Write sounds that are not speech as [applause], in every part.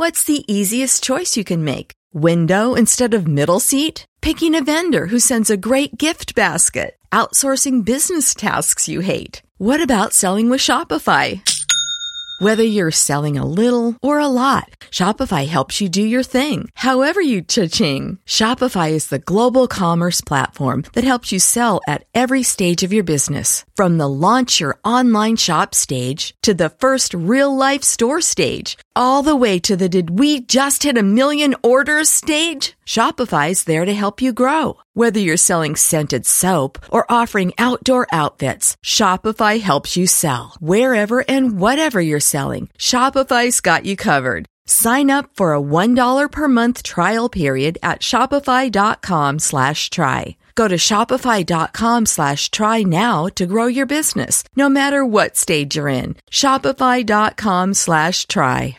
What's the easiest choice you can make? Window instead of middle seat? Picking a vendor who sends a great gift basket? Outsourcing business tasks you hate? What about selling with Shopify? Whether you're selling a little or a lot, Shopify helps you do your thing, however you cha-ching. Shopify is the global commerce platform that helps you sell at every stage of your business. From the launch your online shop stage to the first real life store stage all the way to the did we just hit a million orders stage? Shopify's there to help you grow. Whether you're selling scented soap or offering outdoor outfits, Shopify helps you sell. Wherever and whatever you're selling, Shopify's got you covered. Sign up for a $1 per month trial period at shopify.com slash try. Go to shopify.com slash try now to grow your business, no matter what stage you're in. Shopify.com slash try.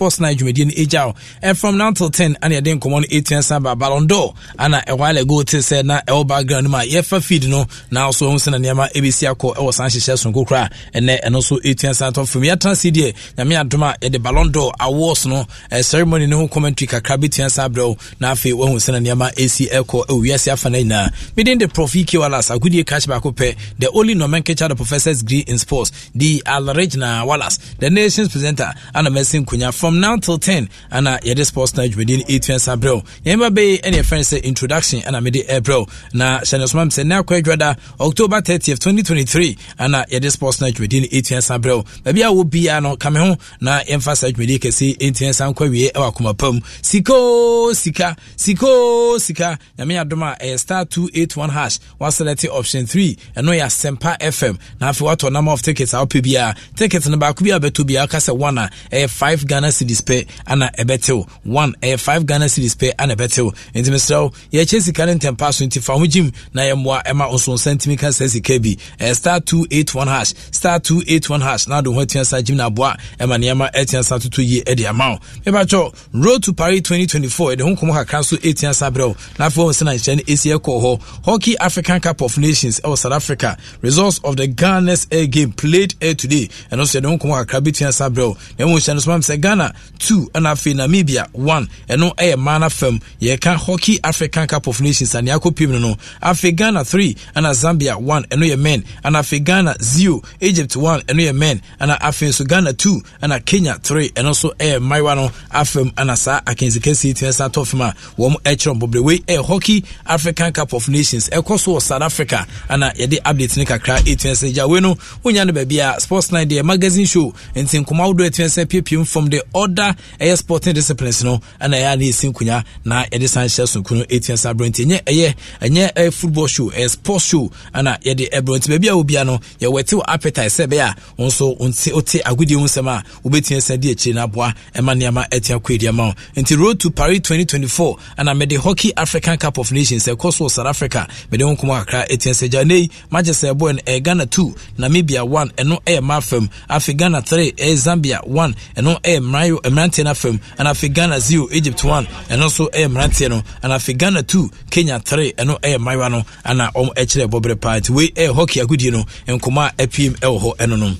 sports night dwumadie no agya wo and from now till 10 ane yɛde nkɔmmɔ no 8 sa ba ballon d'or ana ɛwhile ago te sɛ na ɛwɔ background no mu a yɛfa feed no na nso ɛhu sɛ na nneɛma ɛbɛsi akɔ ɛwɔ saa nhyehyɛ sonko kora a ɛnɛ ɛno nso 8 sa tɔ fam yɛtena se deɛ nyame adom a yɛde ballon d'or awards no ceremony no ho commentary kakra bɛtua sa berɛ wo na afei woahu sɛ na nneɛma ɛsi ɛkɔ ɛwiase afa no nyinaa meden de prof ekwalas agodie catch baako pɛ the only nomenclature the professors degree in sports the alregna wallace the nations presenter ana mɛsi nkonya from from now till 10 and yɛde sports na adwumadi no ɛtua nsa berɛ yɛmba bɛyi ɛne yɛfrɛ no sɛ introduction and I made it hyɛ Now soma m sɛ now quite adwada october 30 2023 ana yɛde sports na adwumadi no within nsa berɛ baabi a wɔ biaa no ka me ho na yɛmfa saa adwumadi kɛse ɛntua nsa nkɔ awie ɛwɔ akoma pa mu sika sikoo sika nyame adom a ɛyɛ star 281 hash waselɛte option 3 ɛno yɛ asɛmpa fm Now if you want to number of tickets I'll wopɛ biaa tickets no back we a to be woka sɛ 1 a ɛyɛ 5 ghana cedis pɛ ana ɛbɛtew one ɛyɛ five ghana cedis pɛ ana ɛbɛtew nti mesrɛ wo yɛkyɛ sika no ntɛmpa so nti fa ho gyim na yɛmmoa ɛma nsonsa ntimi ka saa sika bi ɛyɛ star 281 hash star 281 hash na ade ho atua sa gyim no aboa ɛma nneɛma atua sa toto yie ɛde ama wo mebakyɛ road to paris 2024 ɛde ho nkɔmmɔ kakra nso ɛtua sa berɛ wo na afei ɔhu sɛ na nhyɛ no ɛsi ɛkɔɔ hɔ hockey african cup of nations ɛwɔ south africa results of the ghana's air game played air today ɛno nso yɛde ho nkɔmmɔ kakra bɛtua sa berɛ wo na ɛmu hyɛ no so mam sɛ ghana ghana 2 ɛna afei namibia one ɛno ɛyɛ mmaa no eh, fam yɛka hockey african cup of nations anea akɔpim no no afei ghana 3 ɛna zambia 1 ɛno yɛ men ɛna afei ghana 0 egypt 1 ɛno yɛ men ɛna afei nso ghana 2 ɛna kenya three ɛno nso ɛyɛ eh, mmaayewa no afam ɛna saa akansikasi yi tena sa atɔ fam a wɔn ɛkyerɛ mbɔbrɛwei ɛyɛ hockey african cup of nations ɛkɔ so wɔ south africa ɛna yɛde update ne kakra ɛtena sɛ gya wei no wonya no baabi a sports night deɛ magazine show nti nkɔmɔ ahodoɔ ɛtena sɛ piepiem fam deɛ other ɛyɛ sporting disciplines no ɛna ɛyɛ ana ɛsi nkonya na yɛde san hyɛ sonko no ɛtua sa berɛ ɛnyɛ ɛyɛ ɛnyɛ ɛyɛ football show ɛyɛ sports show ɛna yɛde ɛbrɛ nti baabi a wobia no yɛwɔ ɛte wɔ appetite sɛ ɛbɛyɛ a wɔn nso wote agodie ho nsɛm a wobɛtua sa di akyire no aboa ɛma nneɛma ɛtua kɔ adi ama wo nti road to paris 2024 ɛna mede hockey african cup of nations ɛkɔ so wɔ south africa mede ho nkɔmmɔ kakra ɛtua sɛ gya nei manchester ɛbɔ no ɛyɛ ghana 2 namibia one, ɛno ɛyɛ mafam afei ghana three, ɛyɛ zambia one, ɛno ɛyɛ mmara mmeran mmeranteɛ no afam ɛna afei ghana zero egypt one ɛno nso ɛyɛ mmeranteɛ no And afei ghana two kenya three ɛno ɛyɛ mmayewa no ɛna wɔn ɛkyerɛ bɔbɛrɛ paa nti wei ɛyɛ hockey agodie no nkɔmɔ a ɛpiem ɛwɔ hɔ ɛno no.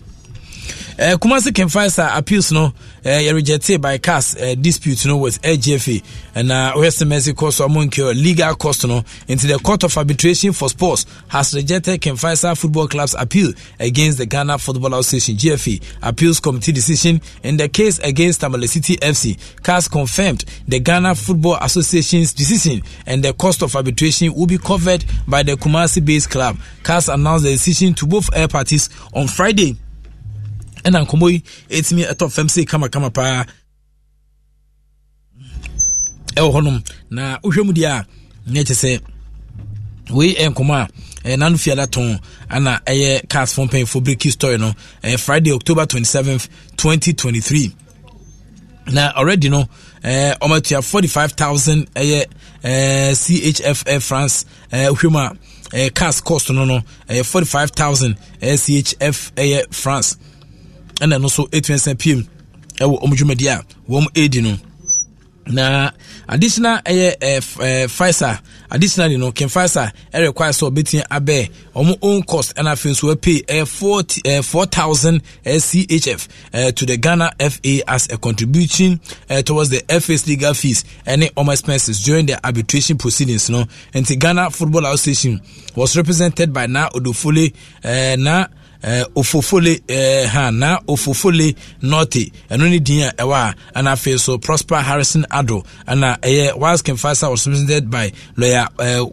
Uh, eh, Kumasi Kemfaisa appeals no uh, eh, rejected by CAS uh, eh, dispute no with AGFA and uh, West Mercy cost among your legal cost no into the Court of Arbitration for Sports has rejected Kemfaisa Football Club's appeal against the Ghana Football Association GFA appeals committee decision in the case against Tamale City FC. CAS confirmed the Ghana Football Association's decision and the cost of arbitration will be covered by the Kumasi based club. CAS announced the decision to both parties on Friday. ɛna nkɔmmɔ yi ɛtumi ɛtɔ fam sei kamakama paa ɛwɔ hɔnom na wohwɛ mu deɛ a ne kyɛ sɛ wei ɛyɛ nkɔmmɔ a ɛyɛ nano fiada tɔn ana ɛyɛ cars fɔ mpanyinfo breki story no ɛyɛ friday october 27 2023 na already no ɛɛ ɔmo atua 45000 ɛyɛ ɛɛ chf air france ɛɛ wohwɛ mu a ɛyɛ cars cost no no ɛyɛ 45000 ɛyɛ chf ɛyɛ france ɛna ɛno nso ɛtumi nsa pm ɛwɔ wɔn dwumadi a wɔn ɛredi no na additional ɛyɛ ɛɛ pfizer additionally no ken pfizer ɛyɛ require sɛ ɔbɛtumi abɛɛ wɔn own cost ɛna afei nso ɛpay ɛyɛ four ɛɛ four thousand ɛɛ chf ɛɛ to the ghana fa as a contribution ɛɛ towards the fa's legal fees ɛne wɔn expenses during the arbitration proceedings no nti ghana football association was represented by na odofole ɛɛ na. Eh, ofofole eh, ha na ofofole nɔte ɛno ne din a ɛwɔ eh, a ɛna afei so prosper harrison ado ɛna ɛyɛ wiles confasa was represented by lawyer uh,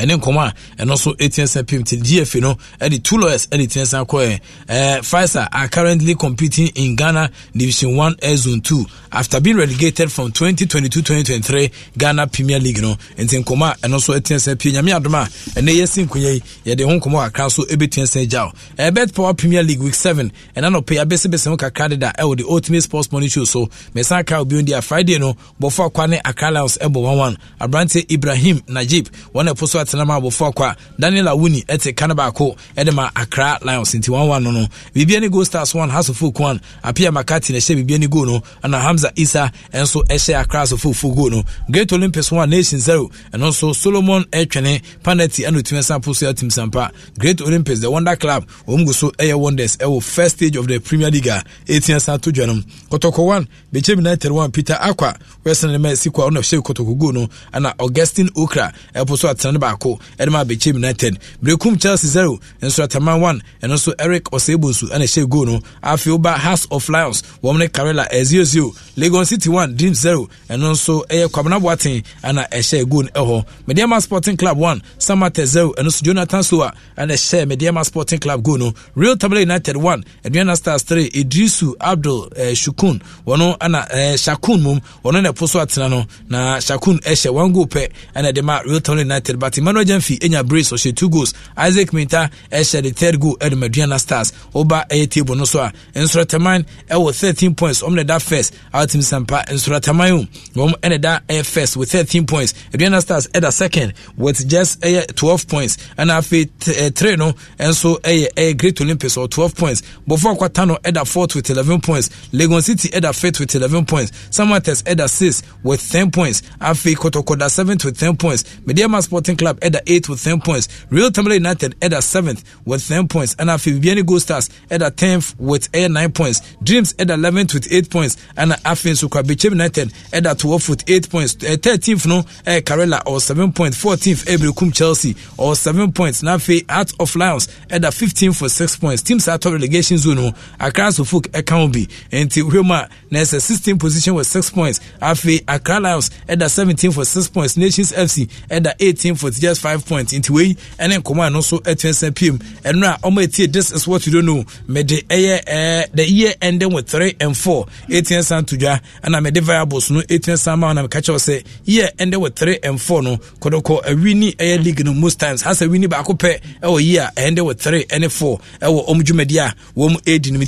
ɛne nkɔmɔ a ɛno nso etiɛnsa pim ti gfa no ɛde two lawyers ɛde tiɛnsa kɔɛ ɛɛ Faisal are currently competing in Ghana Division One Air Zone Two after being relegated from 2022-2023 Ghana Premier League no nti nkɔmɔ a ɛno nso etiɛnsa pie nyame adoma a ɛnɛ yɛ si nkonya yi yɛde ho nkɔmɔ kakra nso ebetiɛnsa gya o ɛɛ Bet Power Premier League Week Seven ɛna nɔpɛ yi abɛsibɛsɛm kakra deda ɛwɔ the Ultimate Sports Money Show so mɛsan kaa obi di a Friday no bɔfɔ akwa ne Accra Lions ɛbɔ one one aberante Ibrahim Najib wɔn na ɛpo so atenama abɔfo kwa daniel awuni ɛte kane baako ɛde ma akra lions nti 11 no no biribia ne goal stars 1 hasofo kuan apia makati na ɛhyɛ biribia ne goal no ɛna hamza isa ɛnso ɛhyɛ akra hasofofo goal no great olympics one nation 0 ɛno nso solomon ɛtwene panati ɛna otumi san po so atim sampa great olympics the wonder club wɔn gu so ɛyɛ wonders ɛwɔ first stage of the premier league a ɛtia san to dwa no kɔtɔkɔ 1 bɛkyɛ united 1 peter akwa wɛsɛn ne ma ɛsi kɔ a ɔna ɛhyɛ kɔtɔkɔ goal no ɛna augustine okra ɛpo so atena ne ba baako ɛde ma abɛkyɛ united brekum chelsea zero nso atama one ɛno nso eric ɔsɛbosu ɛna ɛhyɛ goal no afei woba house of lions wɔn ne karela ɛzio zio lagos city one dream zero ɛno nso ɛyɛ kwamina boaten ɛna ɛhyɛ goal no ɛhɔ mediama sporting club one samate zero ɛno nso jonathan soa ɛna ɛhyɛ mediama sporting club goal no real tamale united one aduana stars three idrisu abdul ɛɛ eh, shukun wɔn ɛna ɛɛ eh, shakun mom wɔn na ɛpo so atena no na shakun ɛhyɛ one goal pɛ ɛna ɛde ma real tamale united bat penalty manuel jemfi enya brace ɔhyɛ two goals isaac minta ɛhyɛ the third goal ɛde maduana stars woba ɛyɛ table no so a nsorataman ɛwɔ thirteen points ɔmo na ɛda first awotim sampa nsorataman o wɔn ɛna ɛda ɛyɛ first with thirteen points aduana stars ɛda second with just ɛyɛ twelve points ɛna afei ɛɛ three eh, no ɛnso ɛyɛ ɛyɛ great olympics ɔ twelve points bɔfra kwata no ɛda fourth with eleven points lagos city ɛda fifth with eleven points samatex ɛda sixth with ten points afei kotoko da seventh with ten points mediama sporting club. Club ɛda 8 with 10 points. Real Tamale United ɛda 7th with 10 points. And Afibiani Bibiani Gold Stars ɛda 10th with ɛyɛ 9 points. Dreams ɛda 11th with 8 points. And afei nso Kwabechem United ɛda 12th with 8 points. Uh, eh, 13th no eh, Karela or 7 points. 14th Ebrekum Chelsea or 7 points. Na afei Heart of Lions ɛda 15th for 6 points. Teams top relegation zone mu. Akra Sofok ɛka ho bi. Nti hwɛ na ɛsɛ 16 position wɔ six points afei accra lions ɛda 17 for six points nations fc ɛda 18 for just five points nti wei ɛne nkɔmɔ a no nso atu nsa pm ɛno a ɔma ɛtie this is what you don't know mede ɛyɛ ɛɛ the year ending with three and four. ɛtu nsa to dwa ɛna mede variables no ɛtu nsa ma na meka kyɛw sɛ year ending with three and four. no kɔdɔkɔ awini ɛyɛ hmm. league no most times hasa awini baako eh, pɛ ɛwɔ year ending with three and four. ɛwɔ ɔmo dwumadi a wɔn adi no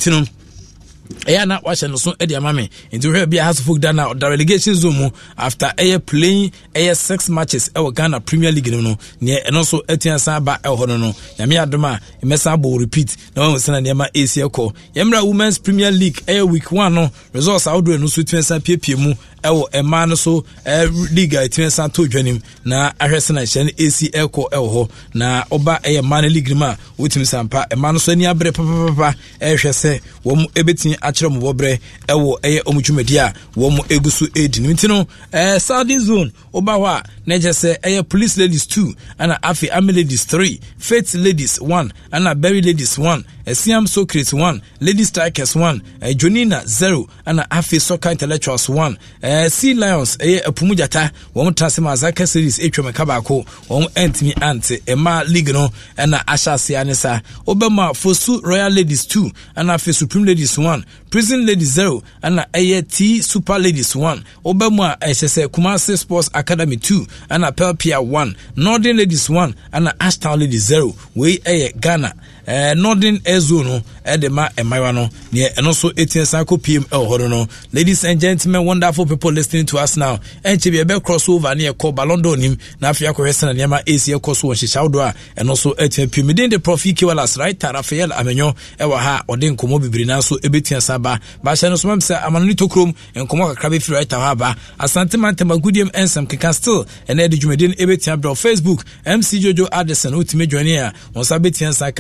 ɛyɛ na wahyɛ no so de ama me nti wohwɛ bi a hasofok da no ɔda relegation zone mu after ɛyɛ playing ɛyɛ six matches ɛwɔ ghana premier league no no neɛ ɛno nso atua san ba ɛwɔ no no nyame adom a mmɛsan bɔ repeat na wahu sɛ na nneɛma ɛsi ɛkɔ yɛmmerɛ womens premier league ɛyɛ week one no results ahodoɔ no so tua san piepie mu ɛwɔ ɛmaa no so ɛɛ league a ɛtumi san to dwanim na ahwɛ sɛ na nhyɛn esi ɛkɔ ɛwɔ hɔ na ɔba ɛyɛ mmaa no league no mu a wotumi sampa ɛmaa no so ani abere papapapa ɛɛhwɛ sɛ wɔn ebetumi akyerɛ mu wɔbrɛ ɛwɔ ɛyɛ ɔmo dwumadi a wɔn egu so edi ne ti no ɛɛ southern zone ɔba hɔ a na sɛ ɛyɛ police ladies two ɛna afi army ladies three faith ladies one ɛna berry ladies one ɛsiam socrates one ladies strikers one ɛɛ zero ɛna afi soccer intellectuals one ɛɛ sea lions ɛyɛ ɛpumu gyata wɔn tena se ma azaka series atwam ɛka baako wɔn ɛntumi ante ɛmaa league no ɛna ahyɛ ase anisa ɔbɛma fosu royal ladies two ɛna afi supreme ladies one prison Lady zero ɛna ɛyɛ t super ladies one ɔbɛ mu a ɛhyɛ sɛ kumasi sports academy two ɛna pelpia one northern ladies one ɛna ashton ladies zero wei ɛyɛ ghana Eh, northern airzo no ɛde eh, ma mmayewa eh, no neɛ ɛno nso ɛtia san kɔ pm ɛwɔ hɔ no ladies and gentlemen wonderful people listening to us now ɛnkyɛ bi ɛbɛ cross over ne yɛkɔ balondo nim na afei akɔhwɛ sɛ na nneɛma ɛsi ɛkɔ so wɔ nhyehyɛ wodoɔ a ɛno nso atia pm den de prof kewalas raita rafael amenyo ɛwɔ ha a ɔde nkɔmmɔ bebree nanso ɛbɛtia sa ba baahyɛ no so mam sɛ tokurom nkɔmmɔ kakra bɛfiri raita hɔ aba asante mantama gudiem ɛnsɛm keka still ɛnɛ ɛde dwumadi no ɛbɛtia facebook mc jojo addison wotumi dwane a wɔn nsa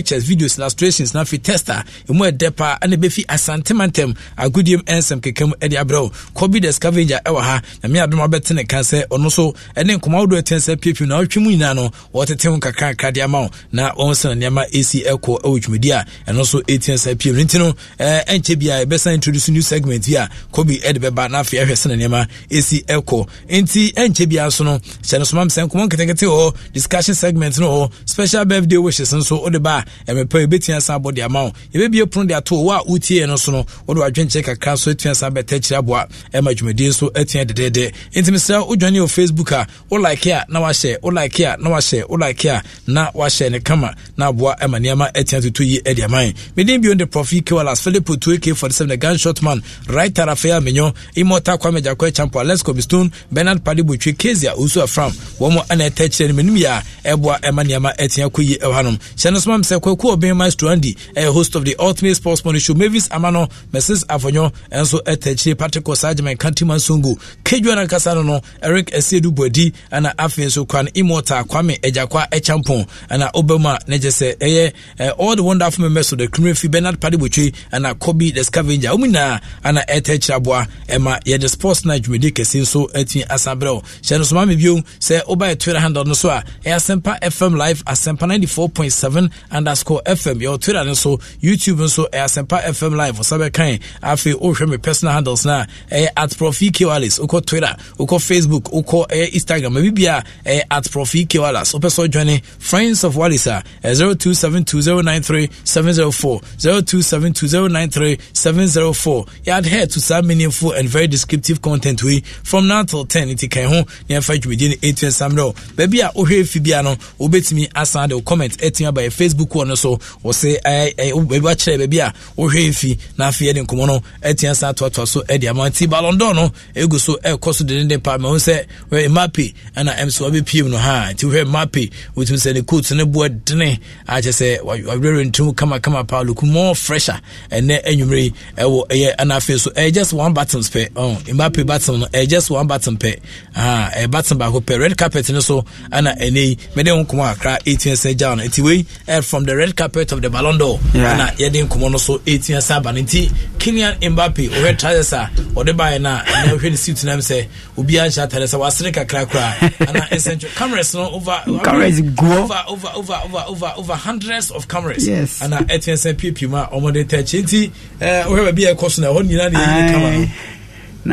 pictures videos illustrations na afei tester ɛmu ɛdɛ paa ɛna ɛbɛfi asantemantam agodiem ɛnsɛm kekam ɛde abrɛ wo kɔbi the scavenger ɛwɔ ha na me adom abɛte ne ka sɛ ɔno so ɛne nkɔma wodoɔ ɛtɛn sɛ piepie na wotwe mu nyinaa no wɔtete wo kakrakra de ama wo na wɔn sɛ na nneɛma ɛsi ɛkɔ ɛwɔ dwumadi a ɛno so ɛtiɛ sɛ piem no nti no ɛnkyɛ eh, bia yɛbɛsan introduce new segment yi a kɔbi ɛde bɛba na afei ɛhwɛ sɛ na nneɛma ɛsi ɛkɔ nti ɛnkyɛ bia so no hyɛ no somam sɛ nkɔmɔ nketenkete wɔ discussion segment no wɔ special birthday wishes nso wode ba ɛmɛpɛ yɛbɛtua san abɔ de ama wo yɛbɛbie pono de ato wo a wotie no so no wode wadwenkyerɛ kakra nso atua san bɛtɛ kyerɛ aboa ɛma dwumadie nso atua dedɛdɛ enti mesrɛ wodwane wɔ facebook a wo like a na wahyɛ wo like a na wahyɛ wo like a na wahyɛ ne kama na aboa ɛma nneɛma atua toto yi adi aman medin bio de profi e kewalas philipo 2k47 the gunshot man right arafea menyo immortal kwame jakɔ champo alex cobistone bernard padibotwe kezia osu afram wɔn mo ana ɛtɛ kyerɛ no menim yɛ a ɛboa ɛma nneɛma atia kɔ yi ɛwɔ hanom hyɛ no soma sɛ kwaku ɔbɛnma strandi ɛyɛ host of the ultimate sports money show mavis amano mrs afonyo ɛnso ɛtɛkyire patrick osagyama kantima songo kedwa no ankasa no no eric asiedu bɔadi ana afei nso kwan imota kwame agyakwa ɛkyampɔn ɛna obɛmu a na gye sɛ ɛyɛ eh, all the wonderful members of the criminal fi bernard padibotwe ɛna kobi the scavenger wɔn nyinaa ɛna ɛtɛkyire aboa ɛma yɛde sports na dwumadi kɛse nso atumi asan berɛ hyɛ no so maame bio sɛ wobayɛ twitter handle no so a ɛyɛ asɛmpa fm live asɛmpa 94.7 underscore fm yɛwɔ twitter no so youtube nso ɛyɛ asɛmpa fm live ɔsa bɛkan afei wohwɛ me personal handles no a ɛyɛ at profi e kwalis wokɔ twitter wokɔ facebook wokɔ ɛyɛ instagram abibia ɛyɛ at profi e kwalis wopɛ sɛ ɔdwane friends of wallis a 0272093704 0272093704 adhere to saa meaningful and very descriptive content wei from now till 10 nti kan ho ne ɛmfa dwumadi no ɛtua sammerɛ baabi a wohwɛ fi bia no wobɛtumi asan de wo comment atumi aba yɛ facebook koɔ no so wɔsɛ wakyerɛ baabi a wohwɛ ɛfi na afei ɛde nkɔmmɔ no atia sa toatoa so de ama nti balɔndɔ no ɛgu so ɛkɔ so denenden paa mahu sɛ mape ɛna ɛm so wabɛpiem no ha nti wohwɛ mape wotumi sɛ ne coat ne boɔ dene akyɛ sɛ wawerɛwerɛ ntom kamakama paa look more fresher ɛnɛ anwummerɛ yi ɛwɔ ɛyɛ ɛna afei so ɛyɛ just one button pɛ mape button no ɛyɛ just one button pɛ ɛyɛ button baako pɛ red carpet no so ɛna ɛnɛ yi mɛde ho nkɔmmɔ akra 18 sɛ gya no nti wei ɛfam from the red carpet of the Ballon d'Or yeah. na yɛde nkɔmɔ no so ɛtia e sɛ aba no nti Kylian Mbappe ɔhwɛ trousers a ɔde baeɛ no a ɛnɛ wohwɛ ne suit nam sɛ obiaa nhyɛ atare sɛ wasere kakra koraa ana ɛnsɛntwo cameras no over cameras go over, over, over, over, over, over hundreds of cameras yes. ana ɛtia sɛ piepie mu a ɔmɔde tɛkyi nti wohwɛ eh, baabi a ɛkɔ so no ɛhɔ nyinaa ne yɛyi camera no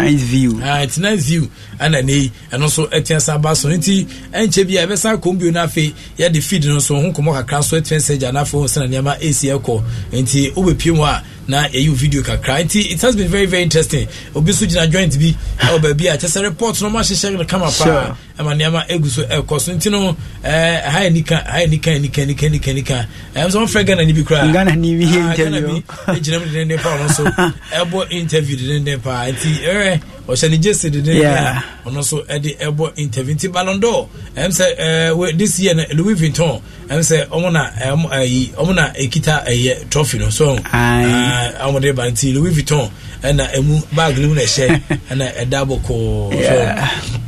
nice view ah, it's nice view ɛna ne ɛno nso ɛtɛn sa ba so nti ɛnkyɛ bi a ɛbɛsan kɔn bio no afei yɛde feed no nso ho nkɔmɔ kakra nso ɛtɛn sɛ gya n'afɔ sɛna nneɛma ɛsi ɛkɔ nti wobɛpie mu a na ɛyi video kakra nti it has been very very interesting obi so gyina joint bi ɛwɔ baabi a kyɛ sɛ report no mahyehyɛ no kama paa ɛma nneɛma ɛgu so ɛkɔ so nti no ɛɛ ha yɛ nika ha yɛ nika nika nika nika nika ɛm sɛ wɔmfrɛ ghana ni bi koraa ghana ni bi yɛ interview ghana bi ɛgyina mu dendenden paa ɔno nso ɛbɔ interview dendenden paa nti ɛrɛ ɔhyɛ ne gyesi de ne yeah. ɔno nso ɛde eh, eh, ɛbɔ interview nti ballon d'or ɛm eh, sɛ ɛɛ this year no louis vuitton ɛm sɛ ɔmo na ɛm ɛyi ɔmo na ekita ɛyɛ trophy no so ɛɛ ɔmo de ba nti louis vuitton ɛna ɛmu baag ne mu na ɛhyɛ ɛna ɛda bɔkɔɔ so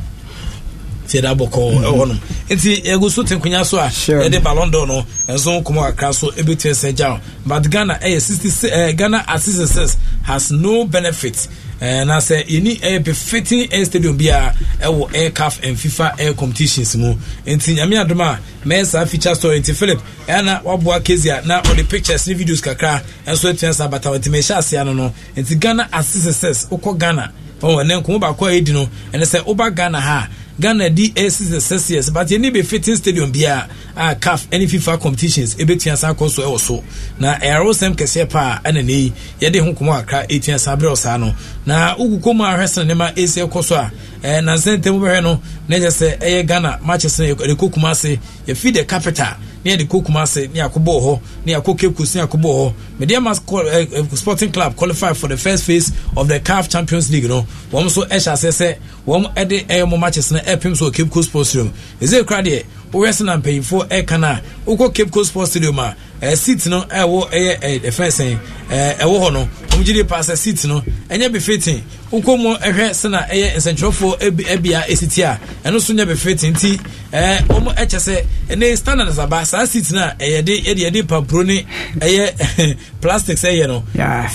ti ɛda bɔkɔɔ ɛwɔ nom nti egu so te nkonya so a ɛde ballon d'or no ɛnso nkɔmɔ kakra so ebi ti ɛsɛ gya but ghana ɛyɛ sixty six ɛɛ ghana at sixty six has no benefit. Eh, na sɛ yɛni ɛyɛ befitting air stadium bi a ɛwɔ air caf and fifa air competitions mu nti nyame adom a mɛyɛ saa feature story nti philip ɛyɛ na waboa kesi a na ɔde pictures ne videos kakra ɛnso atua saa bata nti mɛhyɛ aseɛ no no nti ghana assist success wokɔ ghana wɔn ɛnɛ nkomo baako a yɛdi no ɛnɛ sɛ woba ghana ha a ghana di aces and celsius but yɛn ni bɛ fitting stadium bia a caf ɛne fifa competitions ebetua san kɔ so ɛwɔ so na ɛyarosɛm kɛseɛ paa ɛna ne yi yɛde ho kɔmɔ akra etua san abirɛ ɔsaa no na ogu kɔmɔ ahwɛsɛn nneɛma esi ɛkɔ so a ɛɛ eh, nansan ntɛm bɛhwɛ no na ɛyɛ sɛ ɛyɛ ghana matches no yɛde kɔ kuma ase yɛfi the capital ne yɛde kɔ kuma ase ne yɛakɔ bɔɔ hɔ ne yɛakɔ cape coast ne yɛakɔ bɔɔ hɔ mediama eh, eh, sporting club qualify for the first phase of the caf champions league no wɔn nso ɛhyɛ aseɛ sɛ wɔn ɛde ɛyɛ mo matches no ɛpem so wɔ cape coast sports stadium ɛsɛ kura deɛ woyɛ sɛ na mpanyinfoɔ ɛka no a wokɔ cape coast sports stadium a ɛɛ seat no ɛwɔ ɛyɛ ɛɛ fɛn sɛn Eh, ɛwɔ hɔ no ɔmo gye de paasa seat no ɛnyɛ befetin wokɔ mu ɛhwɛ sɛna ɛyɛ nsɛntwerɛfoɔ bia ɛsiti a ɛno nso nyɛ befetin nti ɛɛ eh, ɔmo ɛkyɛ sɛ ɛne standard aba saa seat no ɛyɛ de yɛde yɛde pampuro ne ɛyɛ [laughs] plastic ɛyɛ no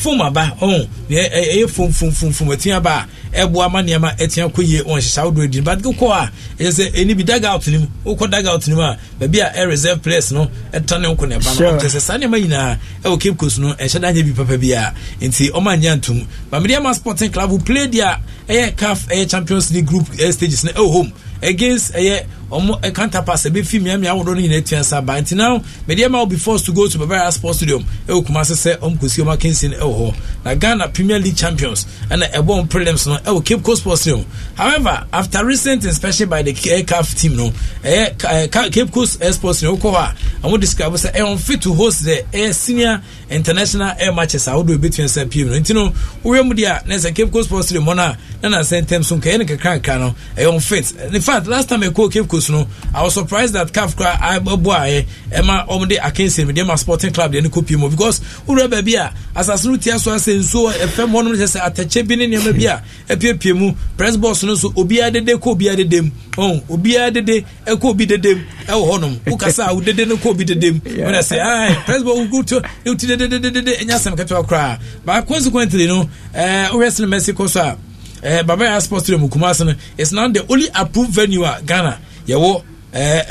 foam aba ɔn deɛ ɛyɛ foam foam foam foam ɛtia aba a ɛboa ma nneɛma ɛtia kɔ yie wɔn hyehyɛ ahodoɔ edi but wokɔ a ɛyɛ sɛ ɛni bi out nim wokɔ dag out nim a baabi a ɛreserve players no ɛtane wokɔ ne ba no ɔkyɛ sɛ saa nneɛma nyinaa ɛwɔ cape bi papa biara nti ɔma nyɛ ntom but media sporting club who play their ɛyɛ caf ɛyɛ champions league group stages no ɛwɔ home against ɛyɛ ɔmo counterparts ɛbɛ fi mìíràn mìíràn ahodoɔ no nyinaa tua nsa ban nti now media ma be forced to go to babara sports stadium ɛwɔ kumase sɛ ɔmo kò si ɔmo akansi no ɛwɔ hɔ na ghana premier league champions ɛna ɛbɔ ɔmo prelims no ɛwɔ eh, oh, cape coast sports stadium however after recent inspection by the eh, caf team no ɛyɛ eh, ɛɛ cape coast sports stadium ɔkɔ hɔ a ɔmo describe sɛ ɛyɛ unfit to host the ɛyɛ senior international air matches ahodoɔ ebi tua nsa pm no nti no wɔyɛ mu deɛ a na sɛ cape coast sports stadium hɔ no a na na nsɛn tɛm so nkɛyɛ ne kakra nkra no ɛyɛ unfit ne fact last time ɛkɔɔ cape coast no i was surprised that caf kora ɛbɔ ayɛ ɛma ɔm de akensin deɛ ma sporting club deɛ ne kɔ pie mu because wowura baabi a asase no tia so asɛ nsuo ɛfam hɔ nom kyɛ sɛ atɛkyɛ bi ne nneɛma bi a ɛpiepie mu press box no so obiara dede kɔ obiara dede mu ɔn obiara dede ɛkɔ obi dede mu ɛwɔ hɔ nom wokasa a wo dede no kɔ obi dede mu wɔn sɛ ɛɛ press box wotu wotu dede dede ɛnyɛ asɛm ketewa koraa but consequently no ɛɛ wohwɛ sinimɛsi kɔ so a eh, babaya sports stadium kumase no it's now the only approved venue ah, eh, eh, a ghana yɛwɔ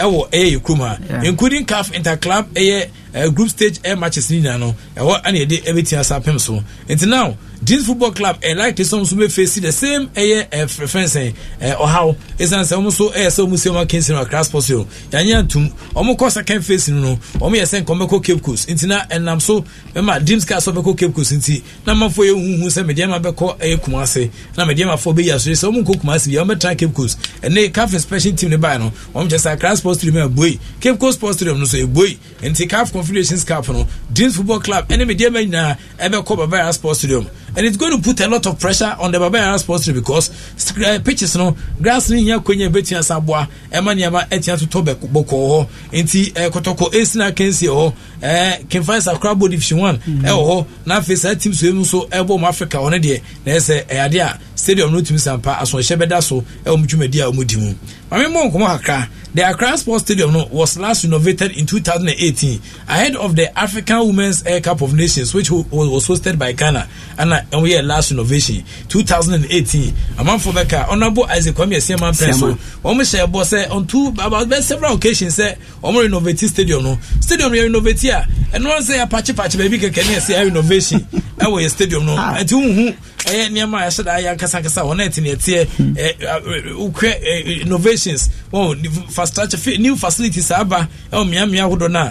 ɛwɔ ɛyɛ yɛ kurom a including caf interclub ɛyɛ eh, uh, group stage air eh, matches ni nyinaa no ɛwɔ eh, ɛna yɛde ɛbɛtia sa pem so nti now jeans football club ɛyɛ like te sɛ ɔmo nso bɛ face the same ɛyɛ ɛfɛnfɛnsɛn ɛɛ ɔhaw ɛsan sɛ ɔmo nso ɛyɛ sɛ ɔmo si ɔmo akansi no akra sports yɛ o yɛanyɛ ntum ɔmo kɔ second face no no ɔmo yɛ sɛ nkɔm bɛkɔ cape coast nti na ɛnam so ɛma dreams cars bɛkɔ cape coast nti na amanfo yɛ huhu sɛ mɛdiɛma bɛkɔ ɛyɛ kumase na mɛdiɛma fo bɛyi aso yɛ sɛ ɔmo nkɔ kumase bi ɔmo bɛtena cape coast ɛne caf inspection team ne baa no ɔmo kyɛ sɛ akra ah, sports stadium ɛbue cape coast sports stadium no so ɛbue nti caf confederations cup no dreams football club ɛne me deɛma nyinaa ɛbɛkɔ babaya sports stadium and it's going to put a lot of pressure on the babaya sports stadium because uh, pitches no grass no nya kwanya bɛtua sa boa ɛma nneɛma atia totɔ bɔkɔɔ hɔ nti kɔtɔkɔ ɛsi no akansie hɔ kemfan sakora bɔ division 1 mm. ɛwɔ hɔ na afei saa team so mu nso ɛbɔ mu africa ɔno deɛ na ɛsɛ ɛyɛ adeɛ a stadium no tumi sampa asɔnhyɛ bɛda so ɛwɔ mu dwumadi a ɔmu di mu maame mo nkɔmɔ kakra the accra sports stadium no was last renovated in 2018 ahead of the african women's air cup of nations which was hosted by ghana ana ɛmo yɛ last renovation 2018 amanfo bɛka ɔnabo isaac kwame asiama mpɛn so wɔn hyɛ ɛbɔ sɛ on two about several occasions sɛ wɔn renovate stadium no stadium yɛ renovate a ɛno wɔn sɛ apakyepakye baabi kɛkɛ ne ɛsɛ renovation ɛwɔ [laughs] yɛ stadium no ɛti huhu ɛyɛ nneɛma a yɛhyɛ da ayɛ akasakasa wɔn a ɛte ne ɛteɛ ɛɛ ukɛ renovate renovations wọn infrastructure new facilities aba ɛwɔ oh, mmeammea ahodoɔ no a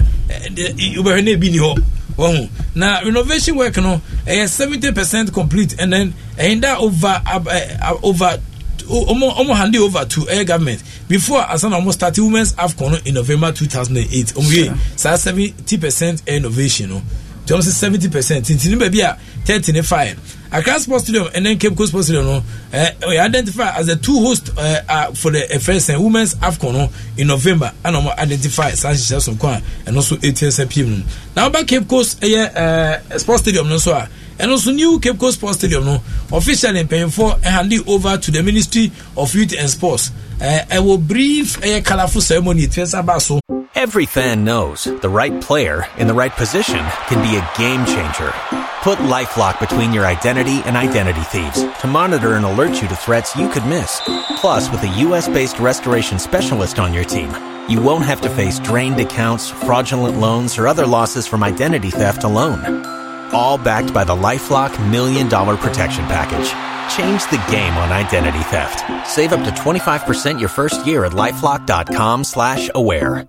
wobɛhwɛ eh, eh, no ebi ni hɔ wɔn oh, na renovation work no ɛyɛ eh, seventy percent complete and then ɛyin da over uh, over ɔmo ɔmo hand over to ɛyɛ government before asan na ɔmo start women's afcon no in november two thousand and eight ɔmo yɛ saa seventy percent renovation no tí wọn sɛ seventy percent ntini baabi a thirty ne five. Accra Sports Stadium and then Cape Coast Sports Stadium, no, uh, we identify as the two hosts uh, uh, for the first and women's AFCON no, in November. And I'm identify Sanchez Jackson and also ATSPM. Now, back Cape Coast uh, Sports Stadium, no, so. Uh, and also new Cape Coast Sports Stadium no officially mpanyinfoɔ and it over to the Ministry of Youth and Sports Eh, colorful ceremony Every fan knows the right player in the right position can be a game changer. Put LifeLock between your identity and identity thieves to monitor and alert you to threats you could miss. Plus, with a U.S.-based restoration specialist on your team you won't have to face drained accounts, fraudulent loans, or other losses from identity theft alone. All backed by the LifeLock Million Dollar Protection Package. Change the game on identity theft. Save up to 25% your first year at lifelock.com slash aware.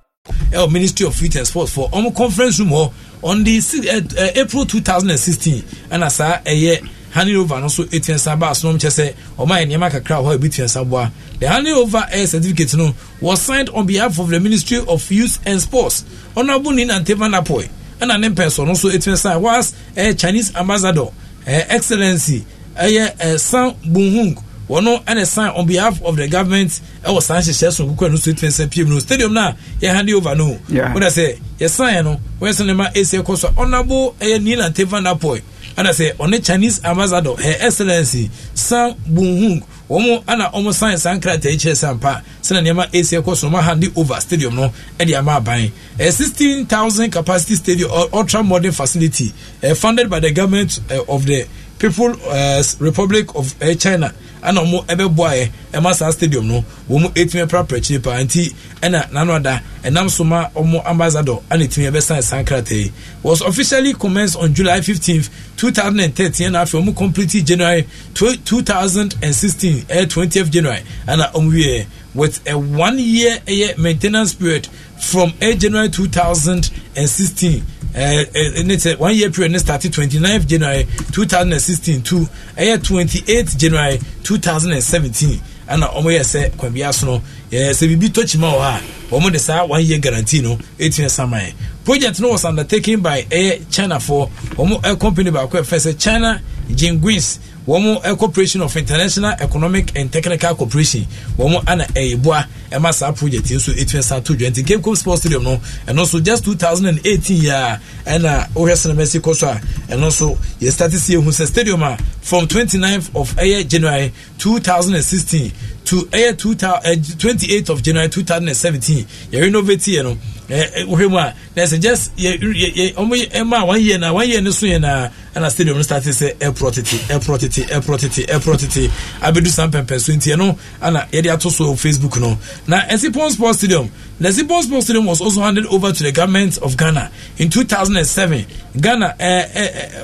El Ministry of Youth and Sports for um, conference room on the uh, uh, April 2016 and as eh, a year handover no so etu nsa ba asono kyɛ sɛ ɔma yɛ nneɛma kakra wɔ hɔ ebi tu nsa boa the handover certificate no was signed on behalf of the ministry of youth and sports honourable nina ntema napoy ɛna And mpɛnso person also eighteen nsa was a chinese ambassador excellency ɛyɛ ɛɛ san bunhung wɔn ɛna sign on behalf of the government ɛwɔ san hyehyɛ so kukura no state fence pm no stadium na yɛ hand over no wɔn sɛ yɛ sign no wɔn sɛ ne ma esi ɛkɔ so ɔnabo ɛyɛ nila tevan apoy ɛna sɛ ɔne chinese ambassador her excellence san bunhung wɔn ɛna wɔn sign san krataa yi kyerɛ san pa sɛnɛ nneɛma esi ɛkɔ so wɔn hand over stadium no ɛde ama aban ɛyɛ sixteen thousand capacity stadium ultra modern facility ɛɛ funded by the government ɛɛ of the people uh, republic of uh, china ɛna wɔn ɛbɛboa yɛ eh, ɛma saa stadium no wɔn etimi ɛprapra akyire paa nti ɛna nanu ada ɛnam so ma wɔn ambassador ɛna etimi ɛbɛsan san krataa yi was officially commenced on july fifteenth two thousand and thirteen ɛna afei wɔn complete january two thousand and sixteen ɛyɛ twentieth january ɛna wɔn wie with a one year ɛyɛ maintenance period from january two thousand and sixteen. Eh, eh, ne sɛ one year period ne start twenty nine january 2016 to ɛyɛ eh, twenty eight january 2017. and seventeen ɛna wɔn yɛ yes, kwabi asono yɛ sɛ bibi tɔ kyima wɔ one year guarantee no etu ɛsaman project no was undertaken by ɛyɛ china for a company baako First sɛ china jingwins wɔn eh, corporation of international economic and technical corporation wɔn ana ɛyɛboa eh, ɛma eh, saa project yi nso etumi san to dwa nti cape coast sports stadium no ɛno nso just two thousand and eighteen yia ɛna wohwɛ sinima si kɔ so a ɛno nso yɛ start si ehu sɛ stadium a from twenty ninth of ɛyɛ january two thousand and sixteen to ɛyɛ two twenty eight of january two thousand and seventeen yɛ renovate yɛ no. Eh, eh, wohwɛ mu a na ɛsɛ just ɔmo ɛma one year na one year ne so yɛ na ɛna stadium no start sɛ ɛporɔ tete ɛporɔ tete ɛporɔ tete ɛporɔ tete abɛdu san pɛmpɛ so nti ɛno ɛna yɛde ato so facebook no na ɛsipon sports stadium the Sipon Sports Stadium was also handed over to the government of Ghana in 2007. Ghana uh,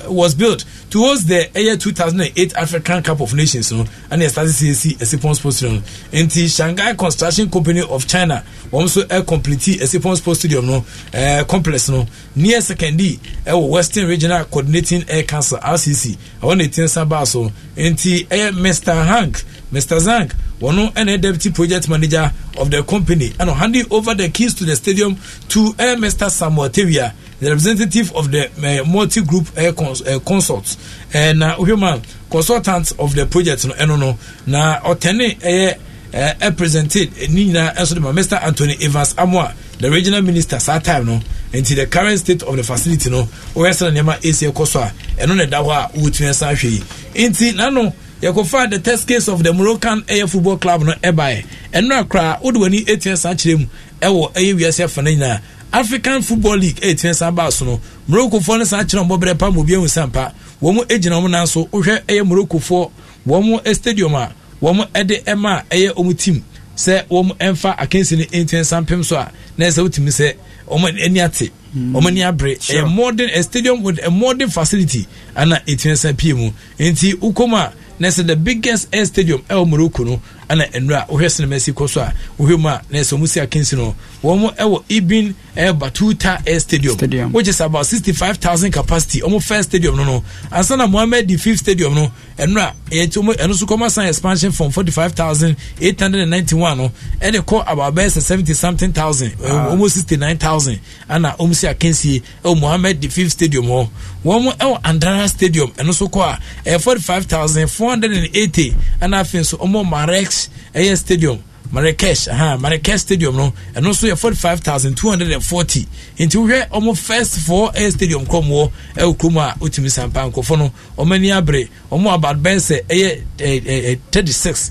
uh, was built to host the year 2008 African Cup of Nations, you know, and they started CAC Sipon Sports Stadium. And Shanghai Construction Company of China wɔn nso ɛcomplete ɛsipɔn sports stadium no ɛɛ complex no near secondary ɛwɔ western regional coordinating air council rcc ɛwɔ na etin san baa so nti ɛyɛ mr hank mr zank wɔn ɛna deputy project manager of the company ɛna handing over the keys to the stadium to ɛyɛ mr samuel tewia the representative of the uh, eh, multi group uh, cons uh, eh, consult uh, eh, na consultant of the project no ɛno no na ɔtɛne ɛyɛ. Uh, ɛpresented eh, eh, eh, ne nyinaa ɛso de ma mr anthony evans amoa the regional minister saa time no nti the current state of the facility no wɔyɛ sɛ na nneɛma ɛsi ɛkɔ so a ɛno na ɛda hɔ a wɔtumi ɛsan ahwɛ yi nti nano yɛkɔfa the test case of the moroccan ɛyɛ football club no ɛbaeɛ ɛno a koraa wode w'ani ɛtua san kyerɛ mu ɛwɔ ɛyɛ wiase afa no nyinaa african football league ɛtua san baa so no moroccofoɔ no san kyerɛ mbɔberɛ pa ma obi ahu sampa wɔn mu gyina wɔn nan so wohwɛ ɛyɛ moroccofoɔ wɔn stadium a wɔn de ɛma ɛyɛ wɔn tim sɛ wɔn mfa akansi no ntɛnsa mpem so a na ɛsɛ wotumi sɛ wɔn ani ate wɔn ani abere ɛyɛ modern a stadium with a modern facility ana ntɛnsa pie mu nti ukoma mu na ɛsɛ the biggest air stadium ɛwɔ morocco no ɛna nnura wohwɛ sinima si kɔ so a wohwɛ mu a na ɔmo si akansi no wɔn mo ibin ɛyɛ eh, batuta eh, air stadium, which is about sixty five thousand capacity ɔmo first stadium no no ansa na mohammed di fifth stadium no nnura ɛyɛ eh, ti ɔmo ɛno so kɔma san expansion from forty five thousand eight hundred and ninety one no ɛde kɔ about bɛyɛ sɛ seventy something thousand ɔmo ah. sixty nine thousand ɛna ɔmo si akansi ɛwɔ mohammed di fifth stadium hɔ. Oh wɔn ɛwɔ andara stadium ɛno so kɔ a ɛyɛ forty five thousand four hundred and eighty ɛna afei nso wɔn marex ɛyɛ stadium marrakesh aha marrakesh stadium no ɛno nso yɛ forty five thousand two hundred and forty nti wohwɛ wɔn first four ɛyɛ stadium kɔn mu wɔ ɛwɔ kurom a wotumi sampa nkɔfo no wɔn ani abere wɔn abadbɛnsɛ ɛyɛ ɛɛ ɛɛ thirty six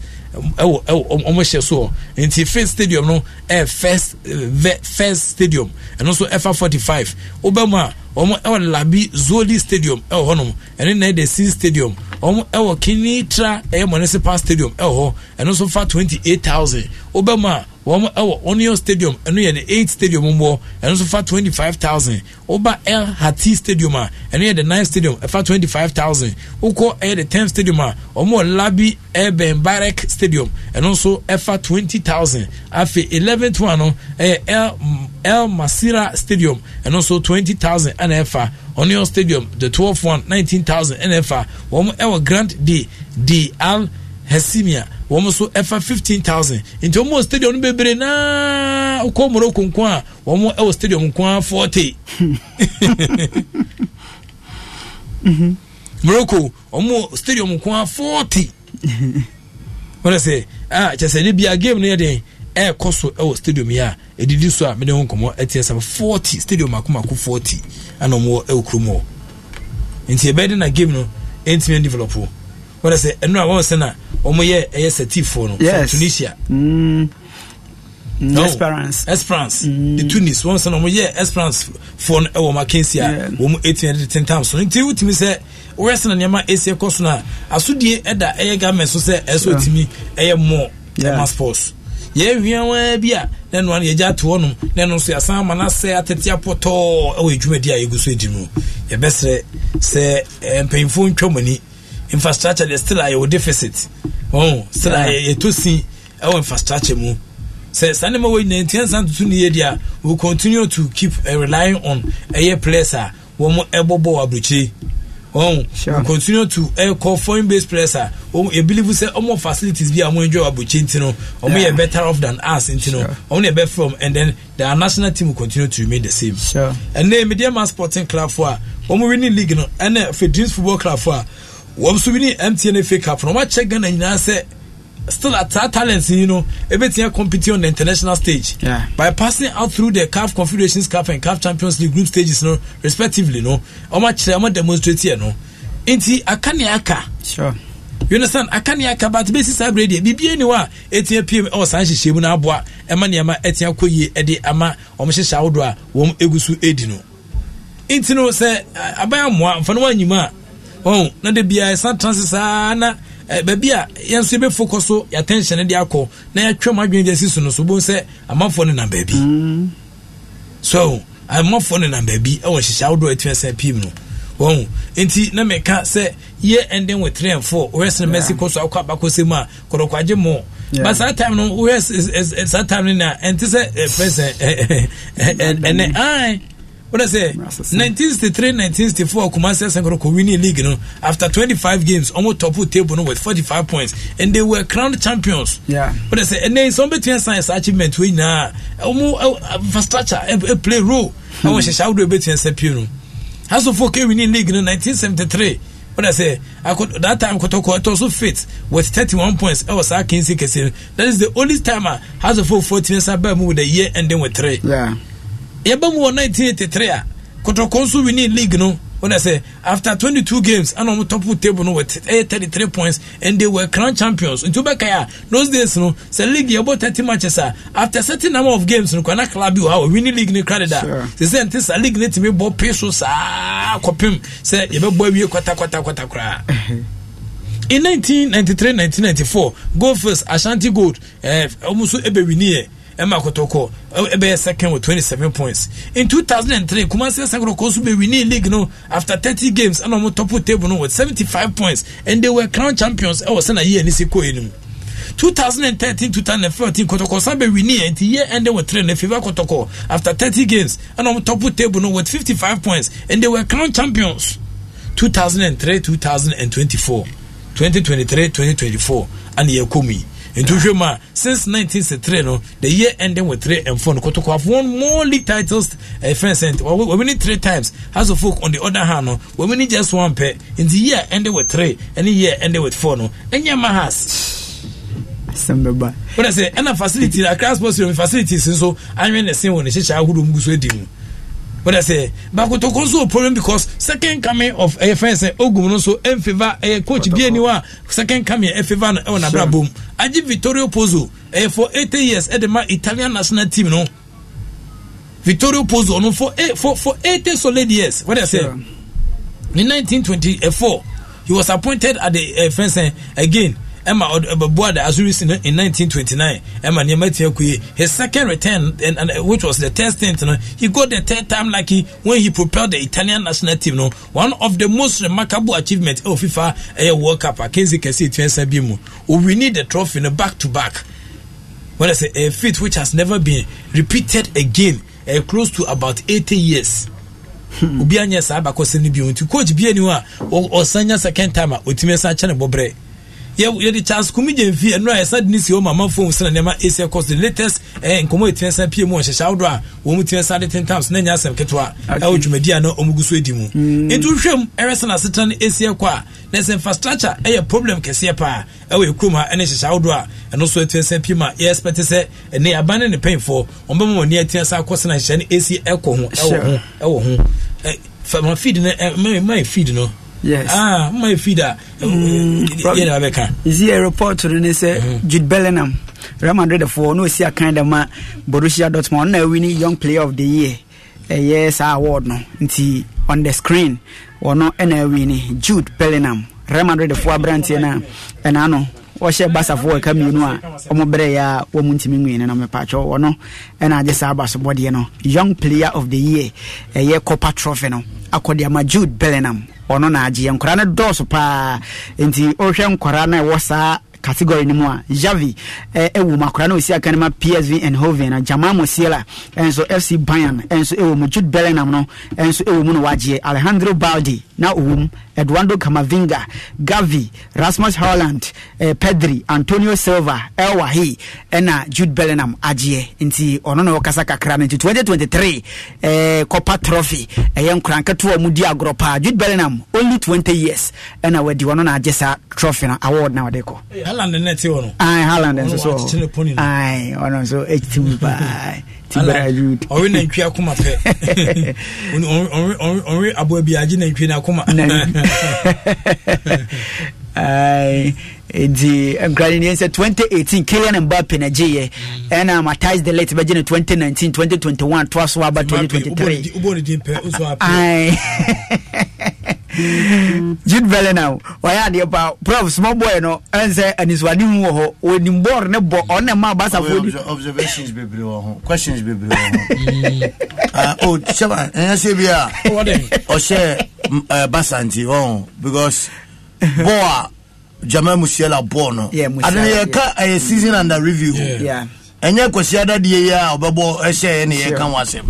ɛwɔ ɛwɔ ɔmo hyɛ so nti first stadium no ɛyɛ first first stadium ɛno nso ɛfa forty five wobɛn mu a wɔn ɛwɔ labi zoli stadium ɛwɔ hɔnom ɛne na ɛde sin stadium wɔn ɛwɔ kinitra ɛyɛ municipal stadium ɛwɔ hɔ ɛno nso fa twenty eight thousand ɔbɛn mu a wɔn ɛwɔ onion stadium ɛno yɛ the eight stadium mbɔ ɛno nso fa twenty five thousand ɔba el hati stadium a ɛno yɛ the nine stadium ɛfa e twenty five thousand ɔkɔ ɛyɛ the ten stadium a wɔn wɔ labi ɛbɛn barek stadium ɛno nso ɛfa e twenty thousand afei eleventh one no ɛyɛ el. El Masira Stadium and also 20,000 NFA. Onion Stadium, the 12th one, 19,000 NFA. One our Grand D, D Al Hesimia. One also FA 15,000. Into more stadium, baby, na Okomoro Kunkwa. One more our stadium, Kwa 40. mm-hmm. Morocco, ɔmo stadium nko [laughs] a forty. I say? ah just a ne game no yɛ ɛɛkɔ so ɛwɔ stadium yi a ɛdidi so a mede ho nkɔmmɔ ɛteɛ sɛ 40 stadium akomako 40 ana ɔmwɔ ɛwɔ kurom hɔ nti ɛbɛyɛ de na game no ɛntimi develop o wɔde sɛ ɛno a wɔwɔ sɛ no ɔmoyɛ ɛyɛ satifoɔ no yes. from tunisia mm. mm. No, Esperance. Esperance. Mm. The Tunis. Once and a year, Esperance for our Mackenzie. Womu eighteen and ten times. So until you timi say, where's an yama ACA Cosna? Asudi Eda Ega Meso say, Eso Timi, Ea more, Yama Sports yɛawia waa bi a na ɛnoa no yɛgya ato hɔ nom na ɛno nso yɛasan ama no asɛ atete apɔtɔɔ ɛwɔ adwumadi a yɛgu so adi eh, mu yɛbɛserɛ sɛ mpanyimfoɔ ntwa mani infrastructure deɛ still a yɛwɔ deficit ɔn still a yɛtɔ si ɛwɔ infrastructure mu sɛ saa nneɛma wɔ nyinaa ntiɛ nsan tutu ne yɛ deɛ a we continue to keep uh, relying on ɛyɛ players a wɔn ɛbɔ bɔ wɔ aburukyire ɔn sure. continue to ɛkɔ uh, foreign based players a believe sɛ ɔmo facilities bi a ɔmo enjoy abokye nti no ɔmo yɛ better off than us nti no ɔmo yɛ better from and then their national team will continue to remain the same ɛnna emidiama sporting club fo a ɔmo winning league no ɛnna fedrins football club fo a wɔn nso winning mtn fa cup no ɔmo akyɛ ghana nyinaa sɛ still at that talent you know everything compete on the international stage yeah. by passing out through the CAF Confederations Cup and CAF Champions League group stages you know, respectively no How much ọmọ demonstrate demonstrating, no nti aka ni sure. you understand aka but basically saa abiri deɛ bibi eni hɔ a etia pm ɛwɔ oh, saa nhyehyɛ mu n'aboa ɛma nneɛma ɛtia kɔ yie ama wɔn shaudwa ahodoɔ egusu wɔn egu edi no nti no sɛ aban amoa mfaniwa anyim a ɔn oh, na de bia ɛsan transi saa baabi a yɛn nso bɛ focus so yɛ attention de akɔ na yɛatwa mu adwene de asi so no so bom sɛ amanfoɔ no nam baabi so amanfoɔ no nam baabi ɛwɔ hyehyɛ ahodoɔ ɛtumi sɛ pim no wɔn nti na mɛka sɛ yɛ ending with three and four wɔyɛ sɛ mɛsi kɔ so akɔ abakɔ sɛ mu a kɔrɔkɔ agye mu but saa time no wɔyɛ saa time no na ɛnte sɛ pɛsɛn ɛnɛ ɛn wọ́n sẹ́ 1963 1964 kumasi asankoro kò win the league no after 25 games ọmọ tọ́pù table no with 45 points and they were crowned champions wọ́n sẹ́ ẹnẹ́ yìí sọ́n bẹ́ẹ̀ tiẹ̀ science achievement wọ́n nyinaa ọmọ infrastructure ẹ eh, eh, play role àwọn ṣẹṣẹ ahodoɔ bẹ́ẹ̀ tiẹ̀ sẹ́ pie no asofo kò win winning league no 1973 wọ́n sẹ́ that time kotoko ẹ̀ tọ́ so fit with 31 points ẹ̀ wọ sáà kẹ́nsì kẹ́sì that is the only time asofo four tiẹ̀ sá bẹ́ẹ̀ mu with a year ending with three. Yeah yɛba mu wɔ 1983 a kotoko nso wini league no wọn sɛ after 22 games ɛna wɔn top table no with ɛyɛ 33 points and they were crown champions nti wɔbɛka yɛ a those days no sɛ league yɛ bɔ 30 matches a after certain number of games no kwana club bi wɔ ha wɔ winning league ne credit deda sɛ sɛ nti sa league ne tumi bɔ pay so saa kɔpem sɛ yɛbɛbɔ awie kwatakwatakwata koraa. [laughs] in 1993-1994 gold first ashanti gold ɛɛ eh, wɔn nso ɛbɛwini yɛ ɛma kotoko ɛbɛyɛ second with twenty seven points in two thousand and three kumasi sakuroko nso bɛ winning league no after thirty games ɛna wɔn top table no with seventy five points and they were crown champions ɛwɔ sɛ na yie ɛni si thirteen, two thousand and fourteen, kotoko san bɛ winning yɛ nti year ending with three na favour kotoko after thirty games ɛna wɔn top table no with fifty five points and they were crown champions Two two thousand thousand and and three, twenty twenty twenty four, three, twenty twenty four, ɛna yɛ kɔmi nti hwɛ mu a since 1963 no the year ending with three and four no Kotoko have won more league titles uh, eh, first and we win it three times House of Folk on the other hand no we win it just one pair In the year ending with three and the year ending with four no ɛnyɛ ma has asɛm bɛba wona sɛ ɛna facility akra sports facilities nso anwene ne sen wɔ ne hyehyɛ ahodoɔ mu gu so adi mu what I say bakotoko nso problem because second coming of ɛyɛ fɛn sɛ eh, ogun no nso ɛnfeva ɛyɛ eh, coach bi eniwa second coming ɛfeva eh, no ɛwɔ n'abra bom agye Vittorio Pozzo ɛyɛ for eighty years ɛde ma Italian national team no Vittorio Pozzo no, for eight for for eighty solid years what I say in nineteen twenty four he was appointed at the ɛfɛn sɛ again. Emma Boada Azuris in, in 1929. Emma Niamati Akuye. His second return, and, and, uh, which was the third stint, you he got the third time like he, when he propelled the Italian national team. You one of the most remarkable achievements of FIFA eh, World Cup. Akenzi Kesi Tiensabimu. We need the trophy you know, back to back. Well, it's a, a feat which has never been repeated again, uh, close to about 80 years. Hmm. obi anyɛ saa abakɔsɛm no bio nti coach biani a ɔsan nya second time a ɔtumi sa kyɛ ne bɔberɛ yɛde chance kumi gye mfi ɛno a sadi de si hɔ mama fon sena nneɛma ɛsi ɛkɔ so latest eh, nkɔmmɔ ɛtina sa pie eh, mu ɔhyehyɛ ahodoɔ a wɔn mu tina sa de tentam so na nyɛ asɛm ketewa ɛwɔ dwumadi a na ɔmo gu so adi mu nti wohwɛ mu ɛhwɛ sɛ no ɛsi ɛkɔ a na sɛ infrastructure ɛyɛ problem kɛseɛ paa ɛwɔ ekurom ha ɛne hyehyɛ ahodoɔ a ɛno so ɛtina sa pie mu a yɛ ɛspɛte sɛ ɛne aban ne ne mpanyinfoɔ wɔn bɛma wɔn ani ɛtina sa akɔ yes ah my mm, eh, feeder yẹn na bɛ kan. isi yɛ report ni sɛ mm-hmm. jude bellingham real madrid fo n'o si akan dɛ ma borussia dortmund ɔno na ewi ni young player of the year ɛyɛ saa award no nti on the screen ɔno ɛna ewi ni jude bellingham real madrid fo aberanteɛ na ɛna no wɔhyɛ basafoɔ ɛka mmienu a wɔn brɛ yɛ a wɔn ntumi nwin no mepatwɛ wɔno ɛna agye saa abasobɔdeɛ no young player of the year ɛyɛ copper trophy no ma jude bellingham ɔno na agye yɛ nkwaraa no dɔɔso paa nti ɔhwɛ nkwaraa no ɛwɔ saa category no mu a javi eh, ɛwɔ mu akora na osi aka no ma psv and hoven na jamal musiela ɛnso fc bayern ɛnso ɛwɔ mu jude bellingham no ɛnso ɛwɔ mu na wagyeɛ alejandro baldi na ɔwɔ mu eduardo camavinga gavi rasmus holland eh, pedri antonio silva elwahi ɛna jude bellingham agyeɛ nti ɔno na ɔkasa kakra no nti 2023 eh, copa trophy ɛyɛ eh, nkora nketewa mu di agorɔ paa jude bellingham only 20 years ɛna wadi ɔno na agye saa trophy no award na ɔde kɔ Haaland ne te hɔ no ae Haaland nso so ae ɔno nso ɛtim paa tibarajud ɔwe nantwi akoma pɛ [laughs] ɔwe aboa bi agye nantwi no akoma [laughs] nti nkra ne sɛ 2018 Kylian Mbappe na gyeeɛ mm. ɛna Matthijs de Ligt bɛgye no 2019 2021 toa so aba 2023 wobɔ ne din pɛ wo so apɛ jude bellinam ɔyɛ adeɛ pa prof small boy no ɛnsɛ anisoade hu wɔ hɔ ɔnim bɔɔl ne bɔ ɔne ma basafo di questions bebree wɔ ɔhyɛ basa nti because bɔɔl a jama musiala bɔɔl no ade yɛka ɛyɛ season under review ɛnyɛ kwasiada deɛ yi a ɔbɛbɔ ɛhyɛ ɛne yɛka ho asɛm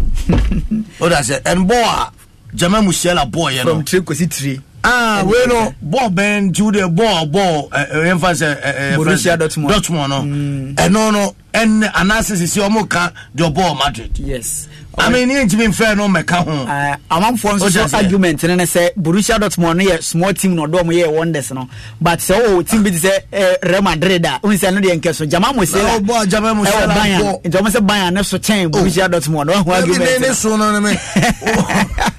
wodasɛ ɛnbɔɔl a jama musiala bɔɔ yɛ ah, no from three kosi three. aa wei no bɔɔl bɛn tiw de bɔɔl bɔɔl ɛɛ nfa sɛ ɛɛ borussia dortmund dortmund no ɛno mm. eh, no ɛnɛ anaasɛ sisi ɔmo ka de ɔbɔɔl madrid. yes. ami ni ntumi nfɛ no mɛka ho. amanfoɔ nso sɔ argument ne ne sɛ borussia dortmund no yɛ small team na ɔdɔm yɛ wonders no but sɛ o oh, team bi ti sɛ eh, real madrid a n sɛ no deɛ nkɛ so jama Musela. ɛwɔ oh, eh, oh, bayern nti ɔmo sɛ bayern ne so kyɛn borussia dortmund ɔmo argument. ɛbi ne ne so no ne me. [laughs]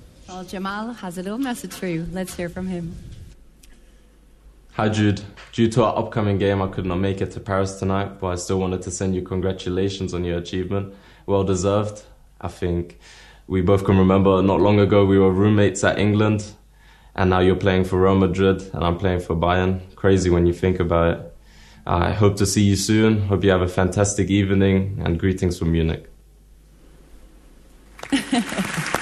Well, Jamal has a little message for you. Let's hear from him. Hi, Jude. Due to our upcoming game, I could not make it to Paris tonight, but I still wanted to send you congratulations on your achievement. Well deserved. I think we both can remember not long ago we were roommates at England, and now you're playing for Real Madrid, and I'm playing for Bayern. Crazy when you think about it. I hope to see you soon. Hope you have a fantastic evening, and greetings from Munich. [laughs]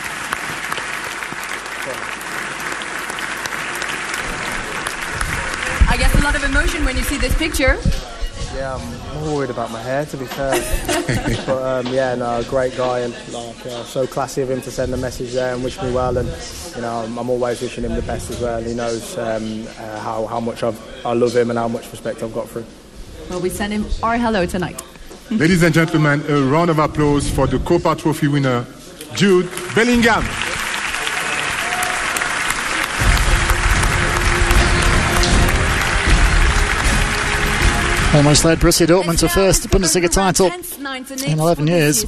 when you see this picture? Yeah, I'm more worried about my hair, to be fair. [laughs] but um, yeah, no, great guy, and like, uh, so classy of him to send a message there and wish me well. And you know, I'm, I'm always wishing him the best as well. He knows um, uh, how how much I've, I love him and how much respect I've got for him. Well, we send him our hello tonight. Ladies and gentlemen, a round of applause for the Copa Trophy winner, Jude Bellingham. Almost led Borussia Dortmund to first Bundesliga title in 11 years.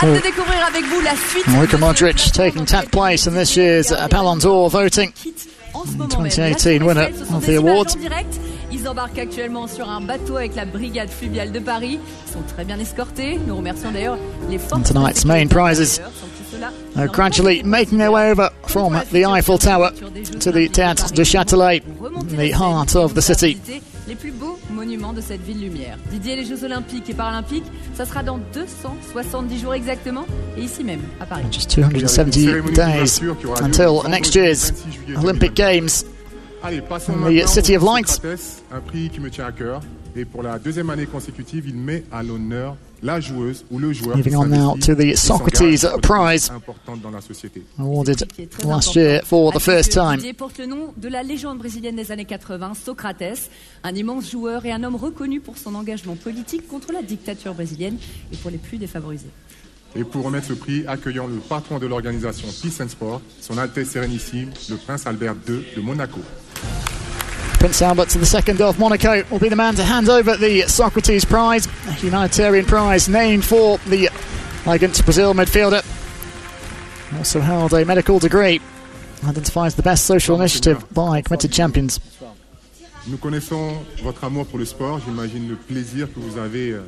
suite Luka Modric taking 10th place in this year's Ballon d'Or voting. 2018 winner of the award. Ils embarquent actuellement sur un bateau avec la brigade fluviale de Paris. Ils sont très bien escortés. Nous remercions d'ailleurs les forces. tonight's main prizes are gradually making their way over from the Eiffel Tower to the Théâtre de Châtelet, in the heart of the city les plus beaux monuments de cette ville lumière. Didier, les Jeux Olympiques et Paralympiques, ça sera dans 270 jours exactement, et ici même, à Paris. Just 270 days until next year's Olympic Games Allez, the City of Lights. Un prix qui me tient à cœur, et pour la deuxième année consécutive, il met à l'honneur la joueuse ou le joueur Moving on now to the Socrates Prize, awarded last year for the first time. porte le nom de la légende brésilienne des années 80, Socrates, un immense joueur et un homme reconnu pour son engagement politique contre la dictature brésilienne et pour les plus défavorisés. Et pour remettre ce prix, accueillons le patron de l'organisation Peace and Sport, son Altesse Sérénissime, le prince Albert II de Monaco. Prince Albert to the second of Monaco will be the man to hand over the Socrates Prize, a humanitarian prize named for the elegant Brazil midfielder. Also held a medical degree, identifies the best social initiative by committed champions. Nous connaissons votre amour pour le sport. J'imagine le plaisir que vous avez euh,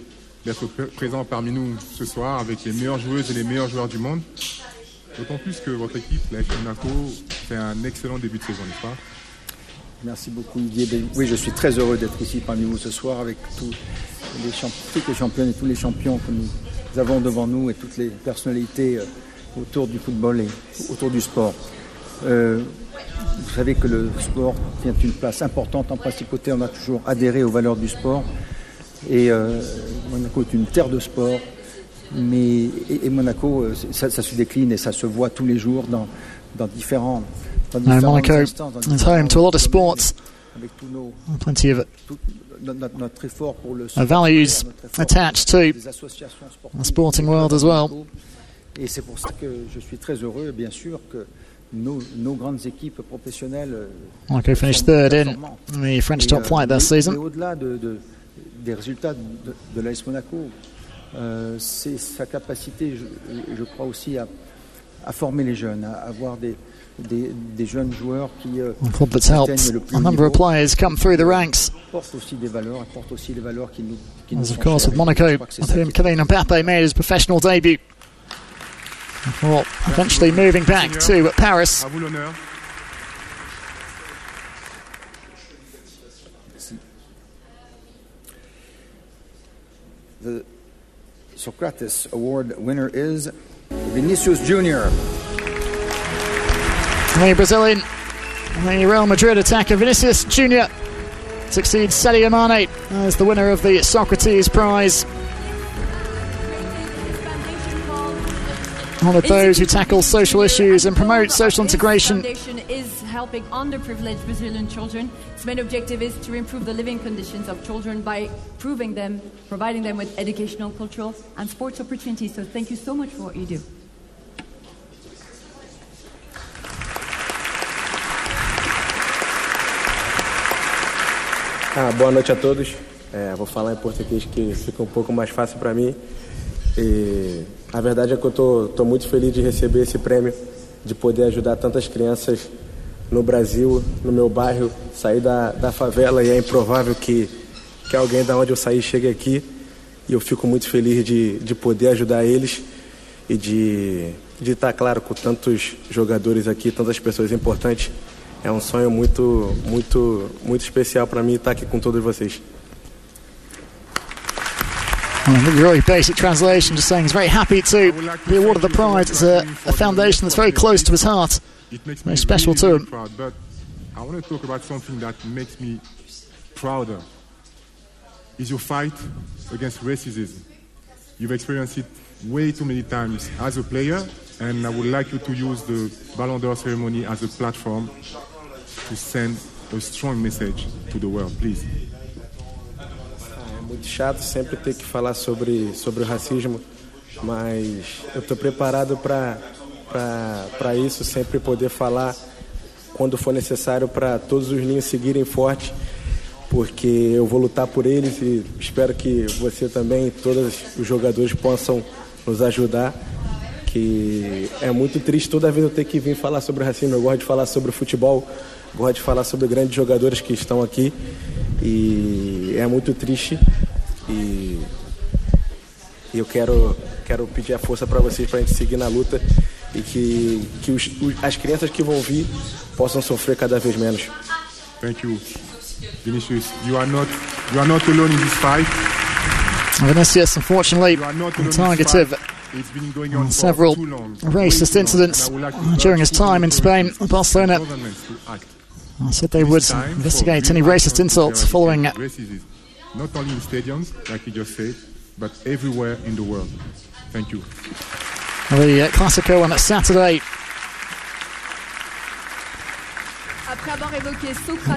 d'être présent parmi nous ce soir avec les meilleures joueuses et les meilleurs joueurs du monde. D'autant plus que votre équipe, la Monaco, fait un excellent début de saison, n'est-ce pas Merci beaucoup Olivier. Oui, je suis très heureux d'être ici parmi vous ce soir avec tous les toutes les championnes et tous les champions que nous avons devant nous et toutes les personnalités euh, autour du football et autour du sport. Euh, vous savez que le sport tient une place importante en principauté. On a toujours adhéré aux valeurs du sport. Et euh, Monaco est une terre de sport. Mais, et, Monaco, ça, se décline et ça se voit tous les jours dans, dans différents And Monaco is home to a lot of sports, plenty of uh, values attached to the sporting world as well. Et c'est pour ça que je suis très heureux, bien sûr, que nos, nos grandes équipes professionnelles. Euh, Monaco finished third in the French top flight euh, this season. Et au-delà de, de, des résultats de, de l'AS Monaco, euh, c'est sa capacité, je, je crois aussi, à, à former les jeunes, à avoir des, Ford that's helped a number of players come through the ranks. As of course with Monaco, with whom Kylian Mbappe made his professional debut. Before eventually moving back to Paris. The Socrates Award winner is Vinicius Jr. The Brazilian, the Real Madrid attacker Vinicius Junior succeeds Sadio Mane as the winner of the Socrates Prize. One of those who tackle social issues and promote social integration. Foundation is helping underprivileged Brazilian children. Its main objective is to improve the living conditions of children by proving them, providing them with educational, cultural, and sports opportunities. So thank you so much for what you do. Ah, boa noite a todos. É, vou falar em português que fica um pouco mais fácil para mim. E a verdade é que eu tô, tô muito feliz de receber esse prêmio, de poder ajudar tantas crianças no Brasil, no meu bairro, sair da, da favela e é improvável que, que alguém da onde eu saí chegue aqui. E eu fico muito feliz de, de poder ajudar eles e de, de estar, tá claro, com tantos jogadores aqui, tantas pessoas importantes. é um sonho muito, muito, muito especial para mim estar aqui com todos vocês. very hmm, basic translation just saying he's very happy to be awarded the prize. It's a, a foundation that's very close to his heart, very special to him. Proud, but I want to talk about something that makes me prouder. Is your fight against racism. You've experienced it way too many times as a player, and I would like you to use the Ballon d'Or ceremony as a platform to send a strong message to the world, please. É muito chato sempre ter que falar sobre sobre o racismo, mas eu estou preparado para para isso, sempre poder falar quando for necessário para todos os ninhos seguirem forte, porque eu vou lutar por eles e espero que você também, todos os jogadores possam nos ajudar que é muito triste toda vez eu ter que vir falar sobre racismo. Eu gosto de falar sobre o futebol, gosto de falar sobre grandes jogadores que estão aqui e é muito triste. E eu quero, quero pedir a força para vocês para a gente seguir na luta e que, que os, as crianças que vão vir possam sofrer cada vez menos. Thank you. Vinicius, you are not, you are not alone in this fight. Vinicius, unfortunately, targeted Mm, several racist incidents mm, during his time in Spain, Barcelona. I said they would investigate any racist insults following it. Not only in stadiums, like you just said, but everywhere in the world. Thank you. The uh, Classico on Saturday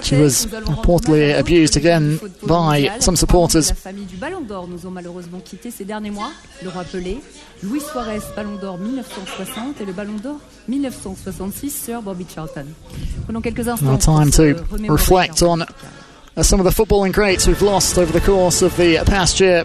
She was reportedly abused again by some supporters. Le rappeler, Luis Suarez, Ballon d'Or 1960 et le Ballon d'Or 1966 Sir Bobby Charlton. Prenons quelques instants. Now time to reflect on uh, some of the footballing greats we've lost over the course of the past year.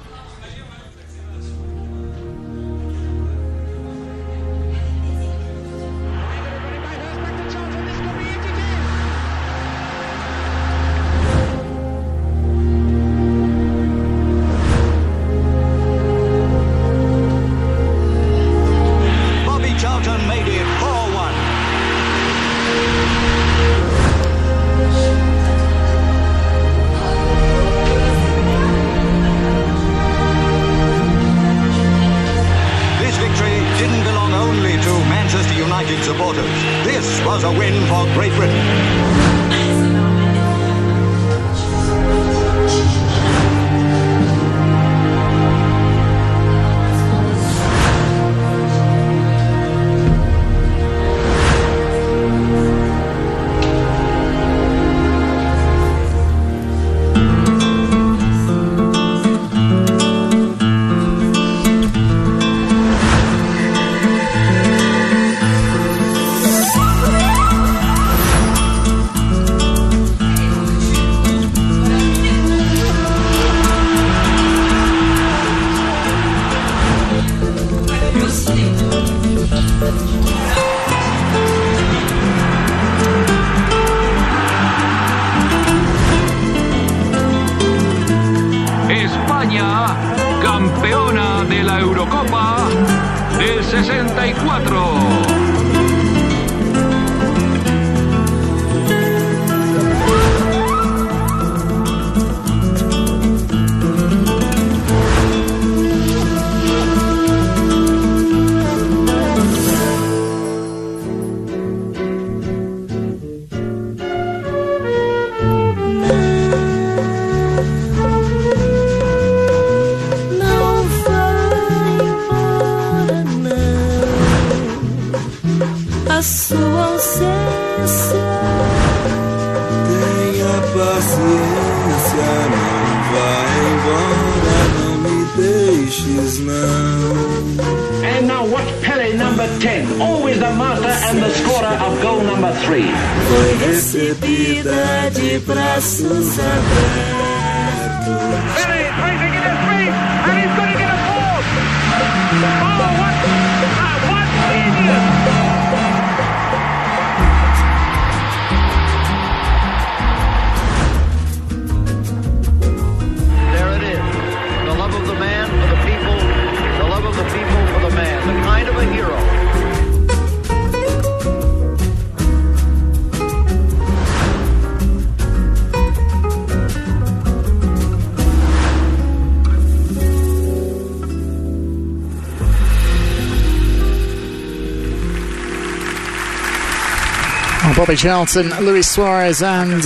Bobby Charlton, Luis Suarez, and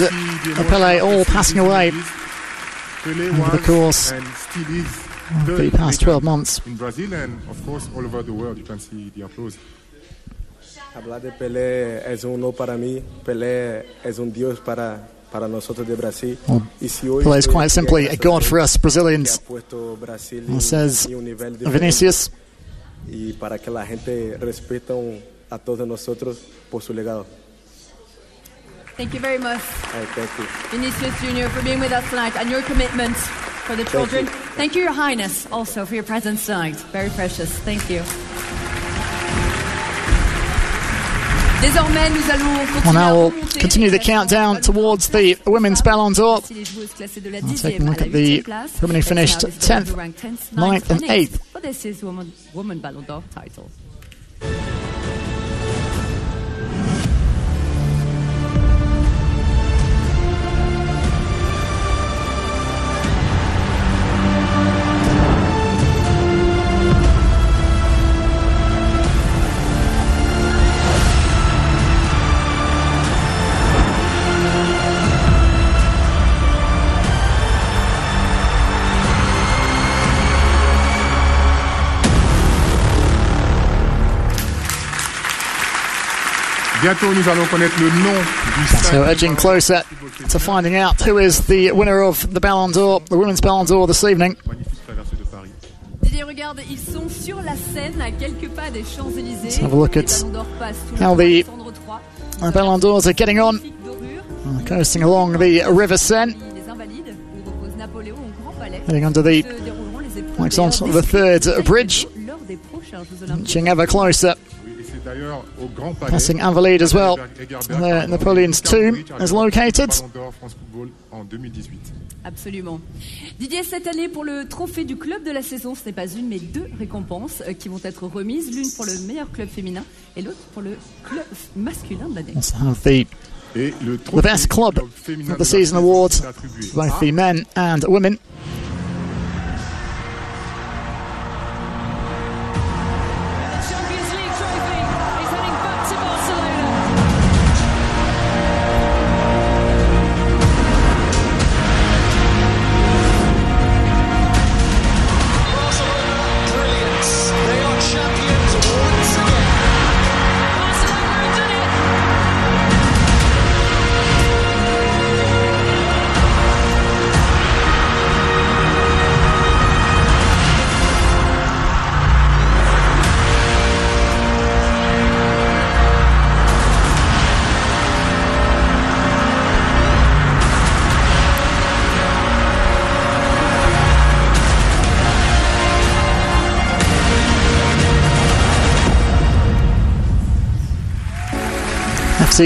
Pele all passing away over the course of the past 12 months. In Brazil and, of course, all over the world, you can see the applause. Hablar de Pelé es un para mí, Pelé es un dios para para nosotros de Brasil. is quite simply a god for us Brazilians. He says Vinicius. Y para que la gente respetan a todos nosotros por su legado. Thank you very much. Right, thank you. Vinicius Jr., for being with us tonight and your commitment for the children. Thank you. thank you, Your Highness, also for your presence tonight. Very precious. Thank you. We'll now continue the countdown towards the women's Ballon d'Or. I'll take a look at the women who finished 10th, 9th, and 8th. this is woman Ballon d'Or title. So edging closer to finding out who is the winner of the Ballon d'Or, the Women's Ballon d'Or this evening. Let's have a look at how the Ballon d'Ors are getting on, uh, coasting along the River Seine. Heading under the, like, the third bridge, inching ever closer Passing grand as well, Napoleon's tomb is located. Absolument. Didier, cette année, pour le trophée du club de la saison, ce n'est pas une, mais deux récompenses euh, qui vont être remises, l'une pour le meilleur club féminin et l'autre pour le club masculin de l'année. The best club of the season awards, both the men and women.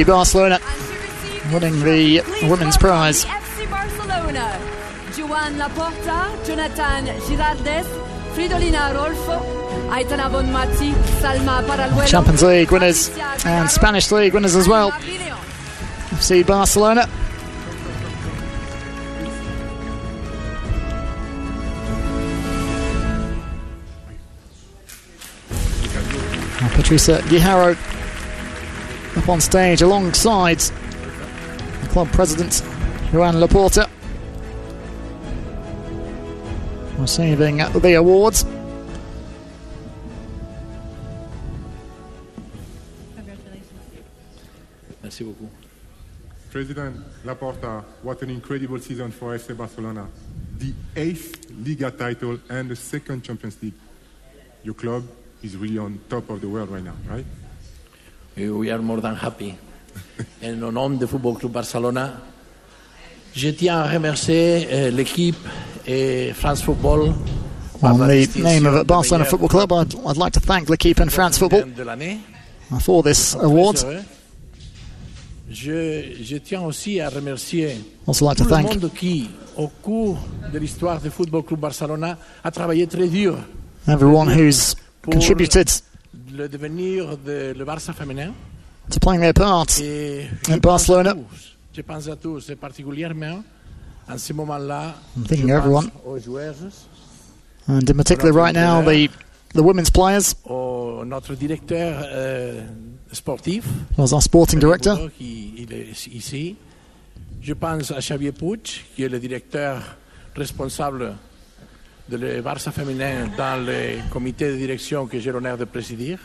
Barcelona winning the women's prize. FC Barcelona, Joan Laporta, Jonathan Girardes, Fridolina Rolfo, Aitana Bonmati, Salma Paraluelo. Champions League winners and Spanish League winners as well. FC Barcelona. Patricia Guijaro up on stage alongside the club president, Juan Laporta, receiving the awards. Congratulations, President Laporta, what an incredible season for FC Barcelona. The eighth Liga title and the second Champions League. Your club is really on top of the world right now, right? we are more than happy. Et au nom du Football Club Barcelona, je tiens à remercier eh, l'équipe et France Football. On the name of Barcelona Football Club, I'd, I'd like to thank l'équipe and France Football for this award. Je, je tiens aussi à remercier also like tout to thank le monde qui, au cours de l'histoire du Football Club Barcelona, a travaillé très dur. Everyone who's contributed le devenir de le Barça féminin. Tu prends une pense. Et je pense, à tous. Je pense à tous, et particulièrement en ce moment-là. I'm thinking Aux joueurs. And in particular, right now, the the women's players. Euh, au notre directeur euh, sportif. Was our sporting director. Qui, il est ici. Je pense à Xavier Puig, qui est le directeur responsable de la Barça Feminin dans le comité de direction que j'ai l'honneur de présidir.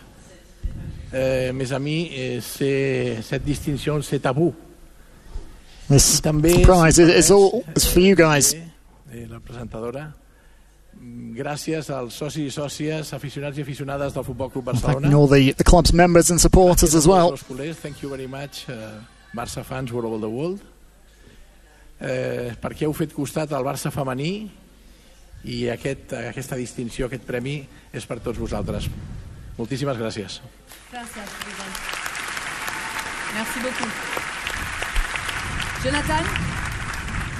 Euh, mes amis, euh, cette distinction, c'est tabou. This prize is all it's for you guys. Eh, eh, la presentadora. Mm, gràcies als socis i sòcies, aficionats i aficionades del Futbol Club Barcelona. Thanking all the, the club's members and supporters as well. Thank you very much, uh, Barça fans world over the world. Eh, perquè heu fet costat al Barça femení i aquest, aquesta distinció, aquest premi, és per tots vosaltres. Moltíssimes gràcies. Gràcies, president. Merci beaucoup. Jonathan,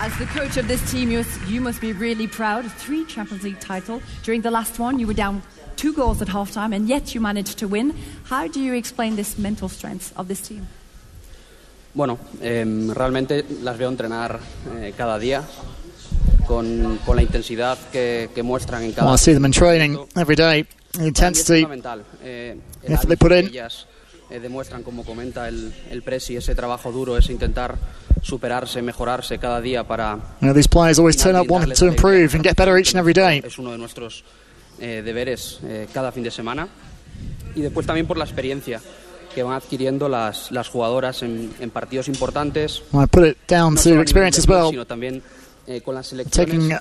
as the coach of this team, you must be really proud. Three Champions League titles. During the last one, you were down two goals at halftime, and yet you managed to win. How do you explain this mental strength of this team? Bueno, eh, realmente las veo entrenar eh, cada día. con, con la intensidad que, que muestran en cada. Well, I see them in training every day. The intensity. Eh, if they put in. Ellas, eh, demuestran, como comenta el, el Presi, ese trabajo duro, es intentar superarse, mejorarse cada día para. You know, these players always turn up wanting to improve and get better each and every day. Es uno de nuestros eh, deberes eh, cada fin de semana. Y después también por la experiencia que van adquiriendo las, las jugadoras en, en partidos importantes. Well, I put it down no to experience as well. Sino también Eh, taking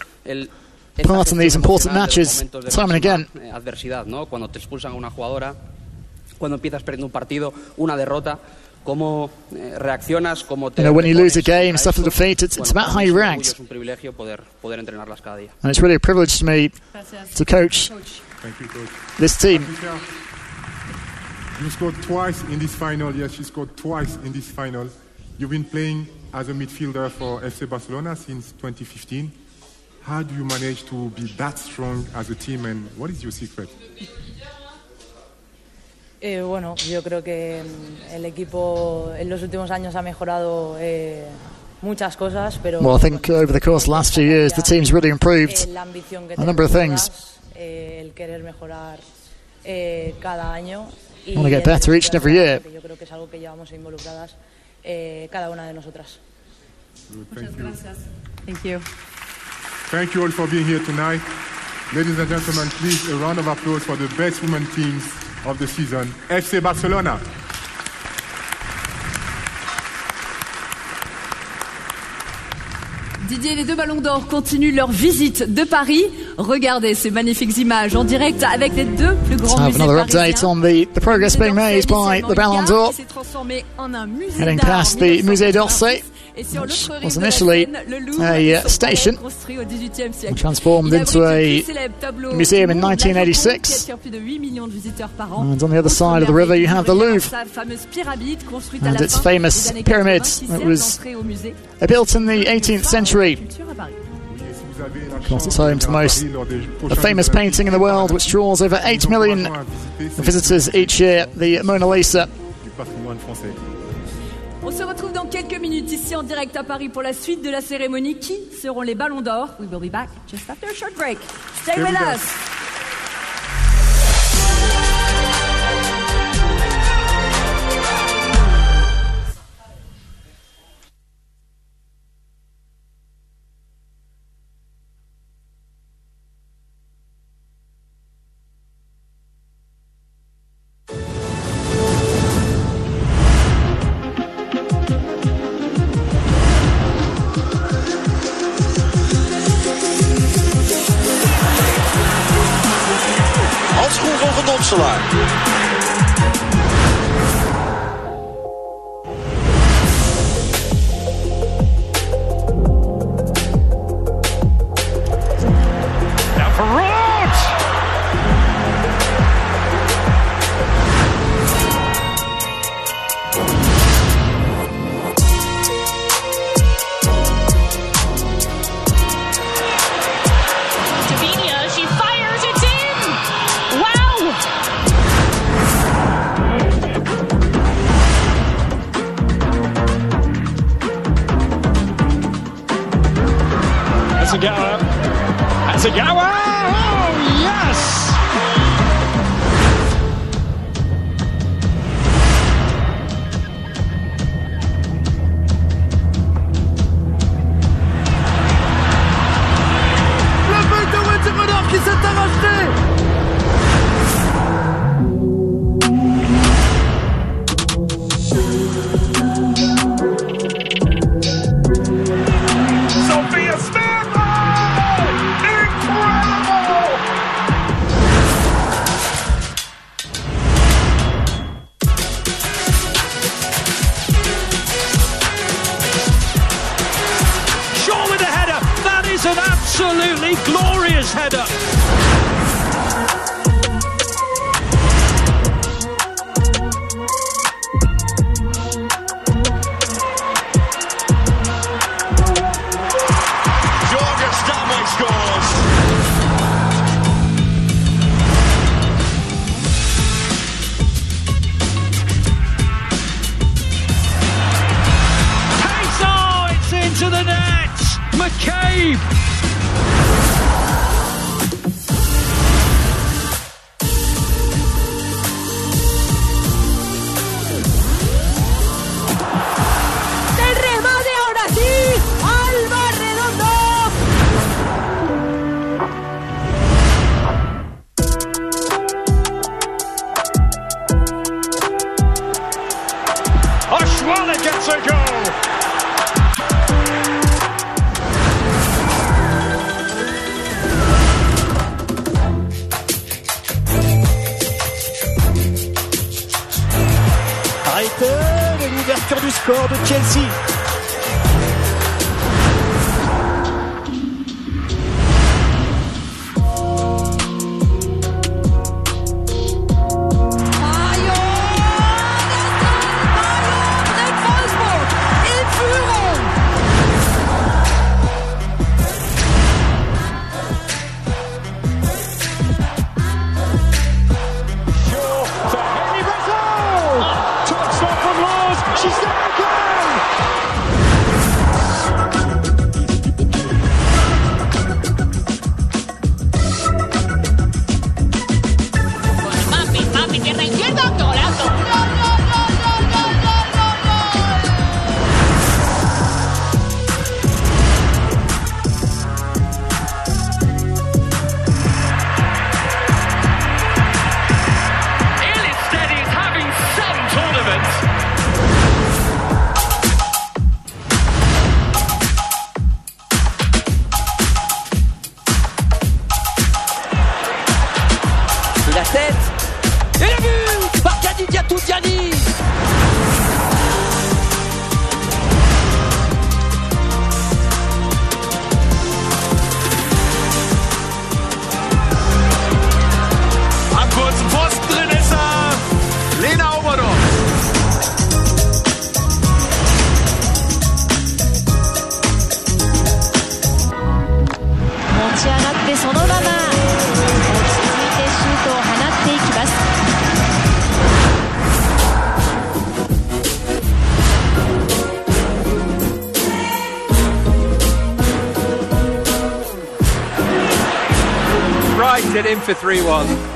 part in these important matches time and again. Eh, adversidad, ¿no? Cuando te expulsan a una jugadora, cuando empiezas perdiendo un partido, una derrota. cómo eh, reaccionas, cómo te. You know, when you lose a game, suffer defeat, it's, it's about how you react. Es un privilegio poder, poder entrenarlas cada día. And it's really a privilege to me to coach, Thank you, coach. this team. You scored twice in this final. Yes, she scored twice in this final. You've been playing as a midfielder for FC Barcelona since 2015. How do you manage to be that strong as a team and what is your secret? Eh, bueno, yo creo que mm, el equipo en los últimos años ha mejorado eh, muchas cosas, pero. Well, I think over the course of the last few years the team's really improved eh, a number of things. Eh, el querer mejorar eh, cada año. Y want to get better each and every year. Yo creo que es algo que llevamos involucradas. Eh, cada una de nosotras. gracias. Ladies and gentlemen, please a round of applause for the best women teams of the season, FC Barcelona. Didier, les deux ballons d'or continuent leur visite de Paris. Regardez ces magnifiques images en direct avec les deux plus grands ah, musées another update on the, the progress being made by the Ballon d'Or. Heading past the Musée d'Orsay. was euh, initially a station and transformed into a museum in 1986. And on the other side of the river, you have the Louvre and its famous pyramid It was uh, built in the 18th century. Of course, it's home to the most the famous painting in the world, which draws over 8 million visitors each year, the Mona Lisa. On se retrouve dans quelques minutes ici en direct à Paris pour la suite de la cérémonie qui seront les ballons d'or. We will be back just after a short break. Stay with us. in for 3 1.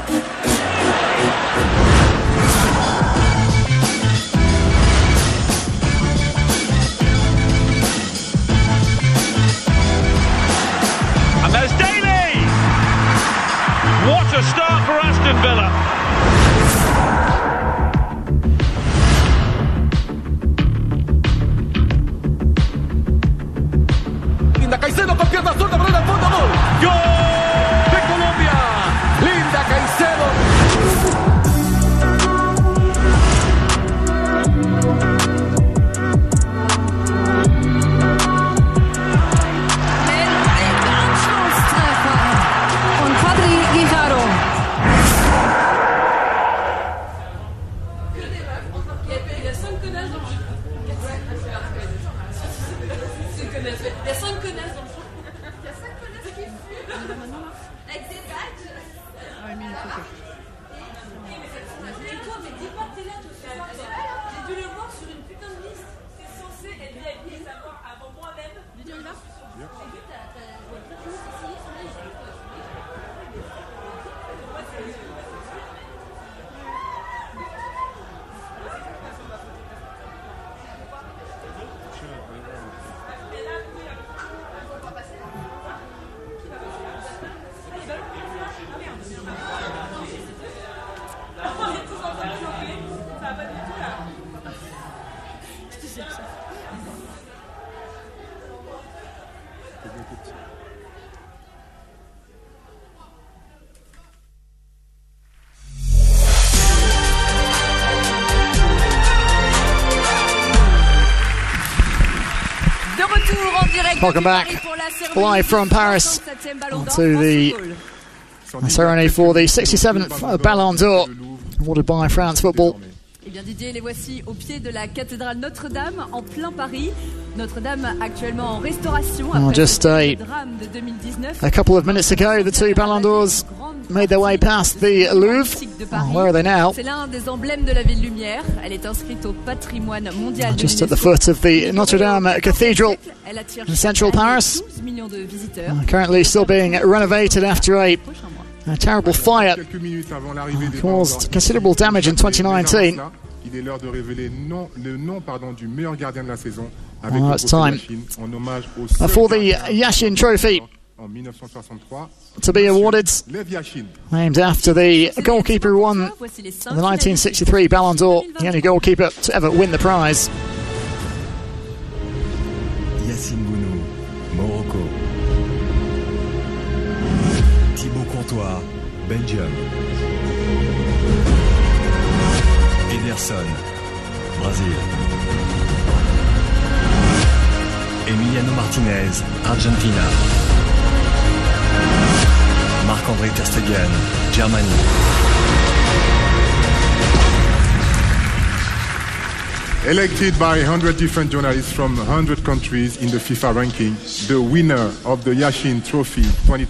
Gut. Welcome back, live from Paris, to the ceremony for the 67th Ballon d'Or awarded by France Football. Eh bien Didier, les voici au pied de la cathédrale Notre-Dame en plein Paris. Oh, just a, a couple of minutes ago, the two Ballon d'Ors made their way past the Louvre. Oh, where are they now? Oh, just at the foot of the Notre Dame Cathedral in central Paris. Oh, currently still being renovated after a, a terrible fire oh, caused considerable damage in 2019. Il est l'heure de révéler non, le nom pardon, du meilleur gardien de la saison, it's time for the Yashin Trophy to be awarded, named after the goalkeeper who won the 1963 Ballon d'Or, the only goalkeeper to ever win the prize. Yassin Bounou, Morocco. Thibaut Courtois, Belgium. Ederson, Brazil. Emiliano Martinez, Argentina. Marc-André Terstegen, Germany. Elected by 100 different journalists from 100 countries in the FIFA ranking, the winner of the Yashin Trophy 2020.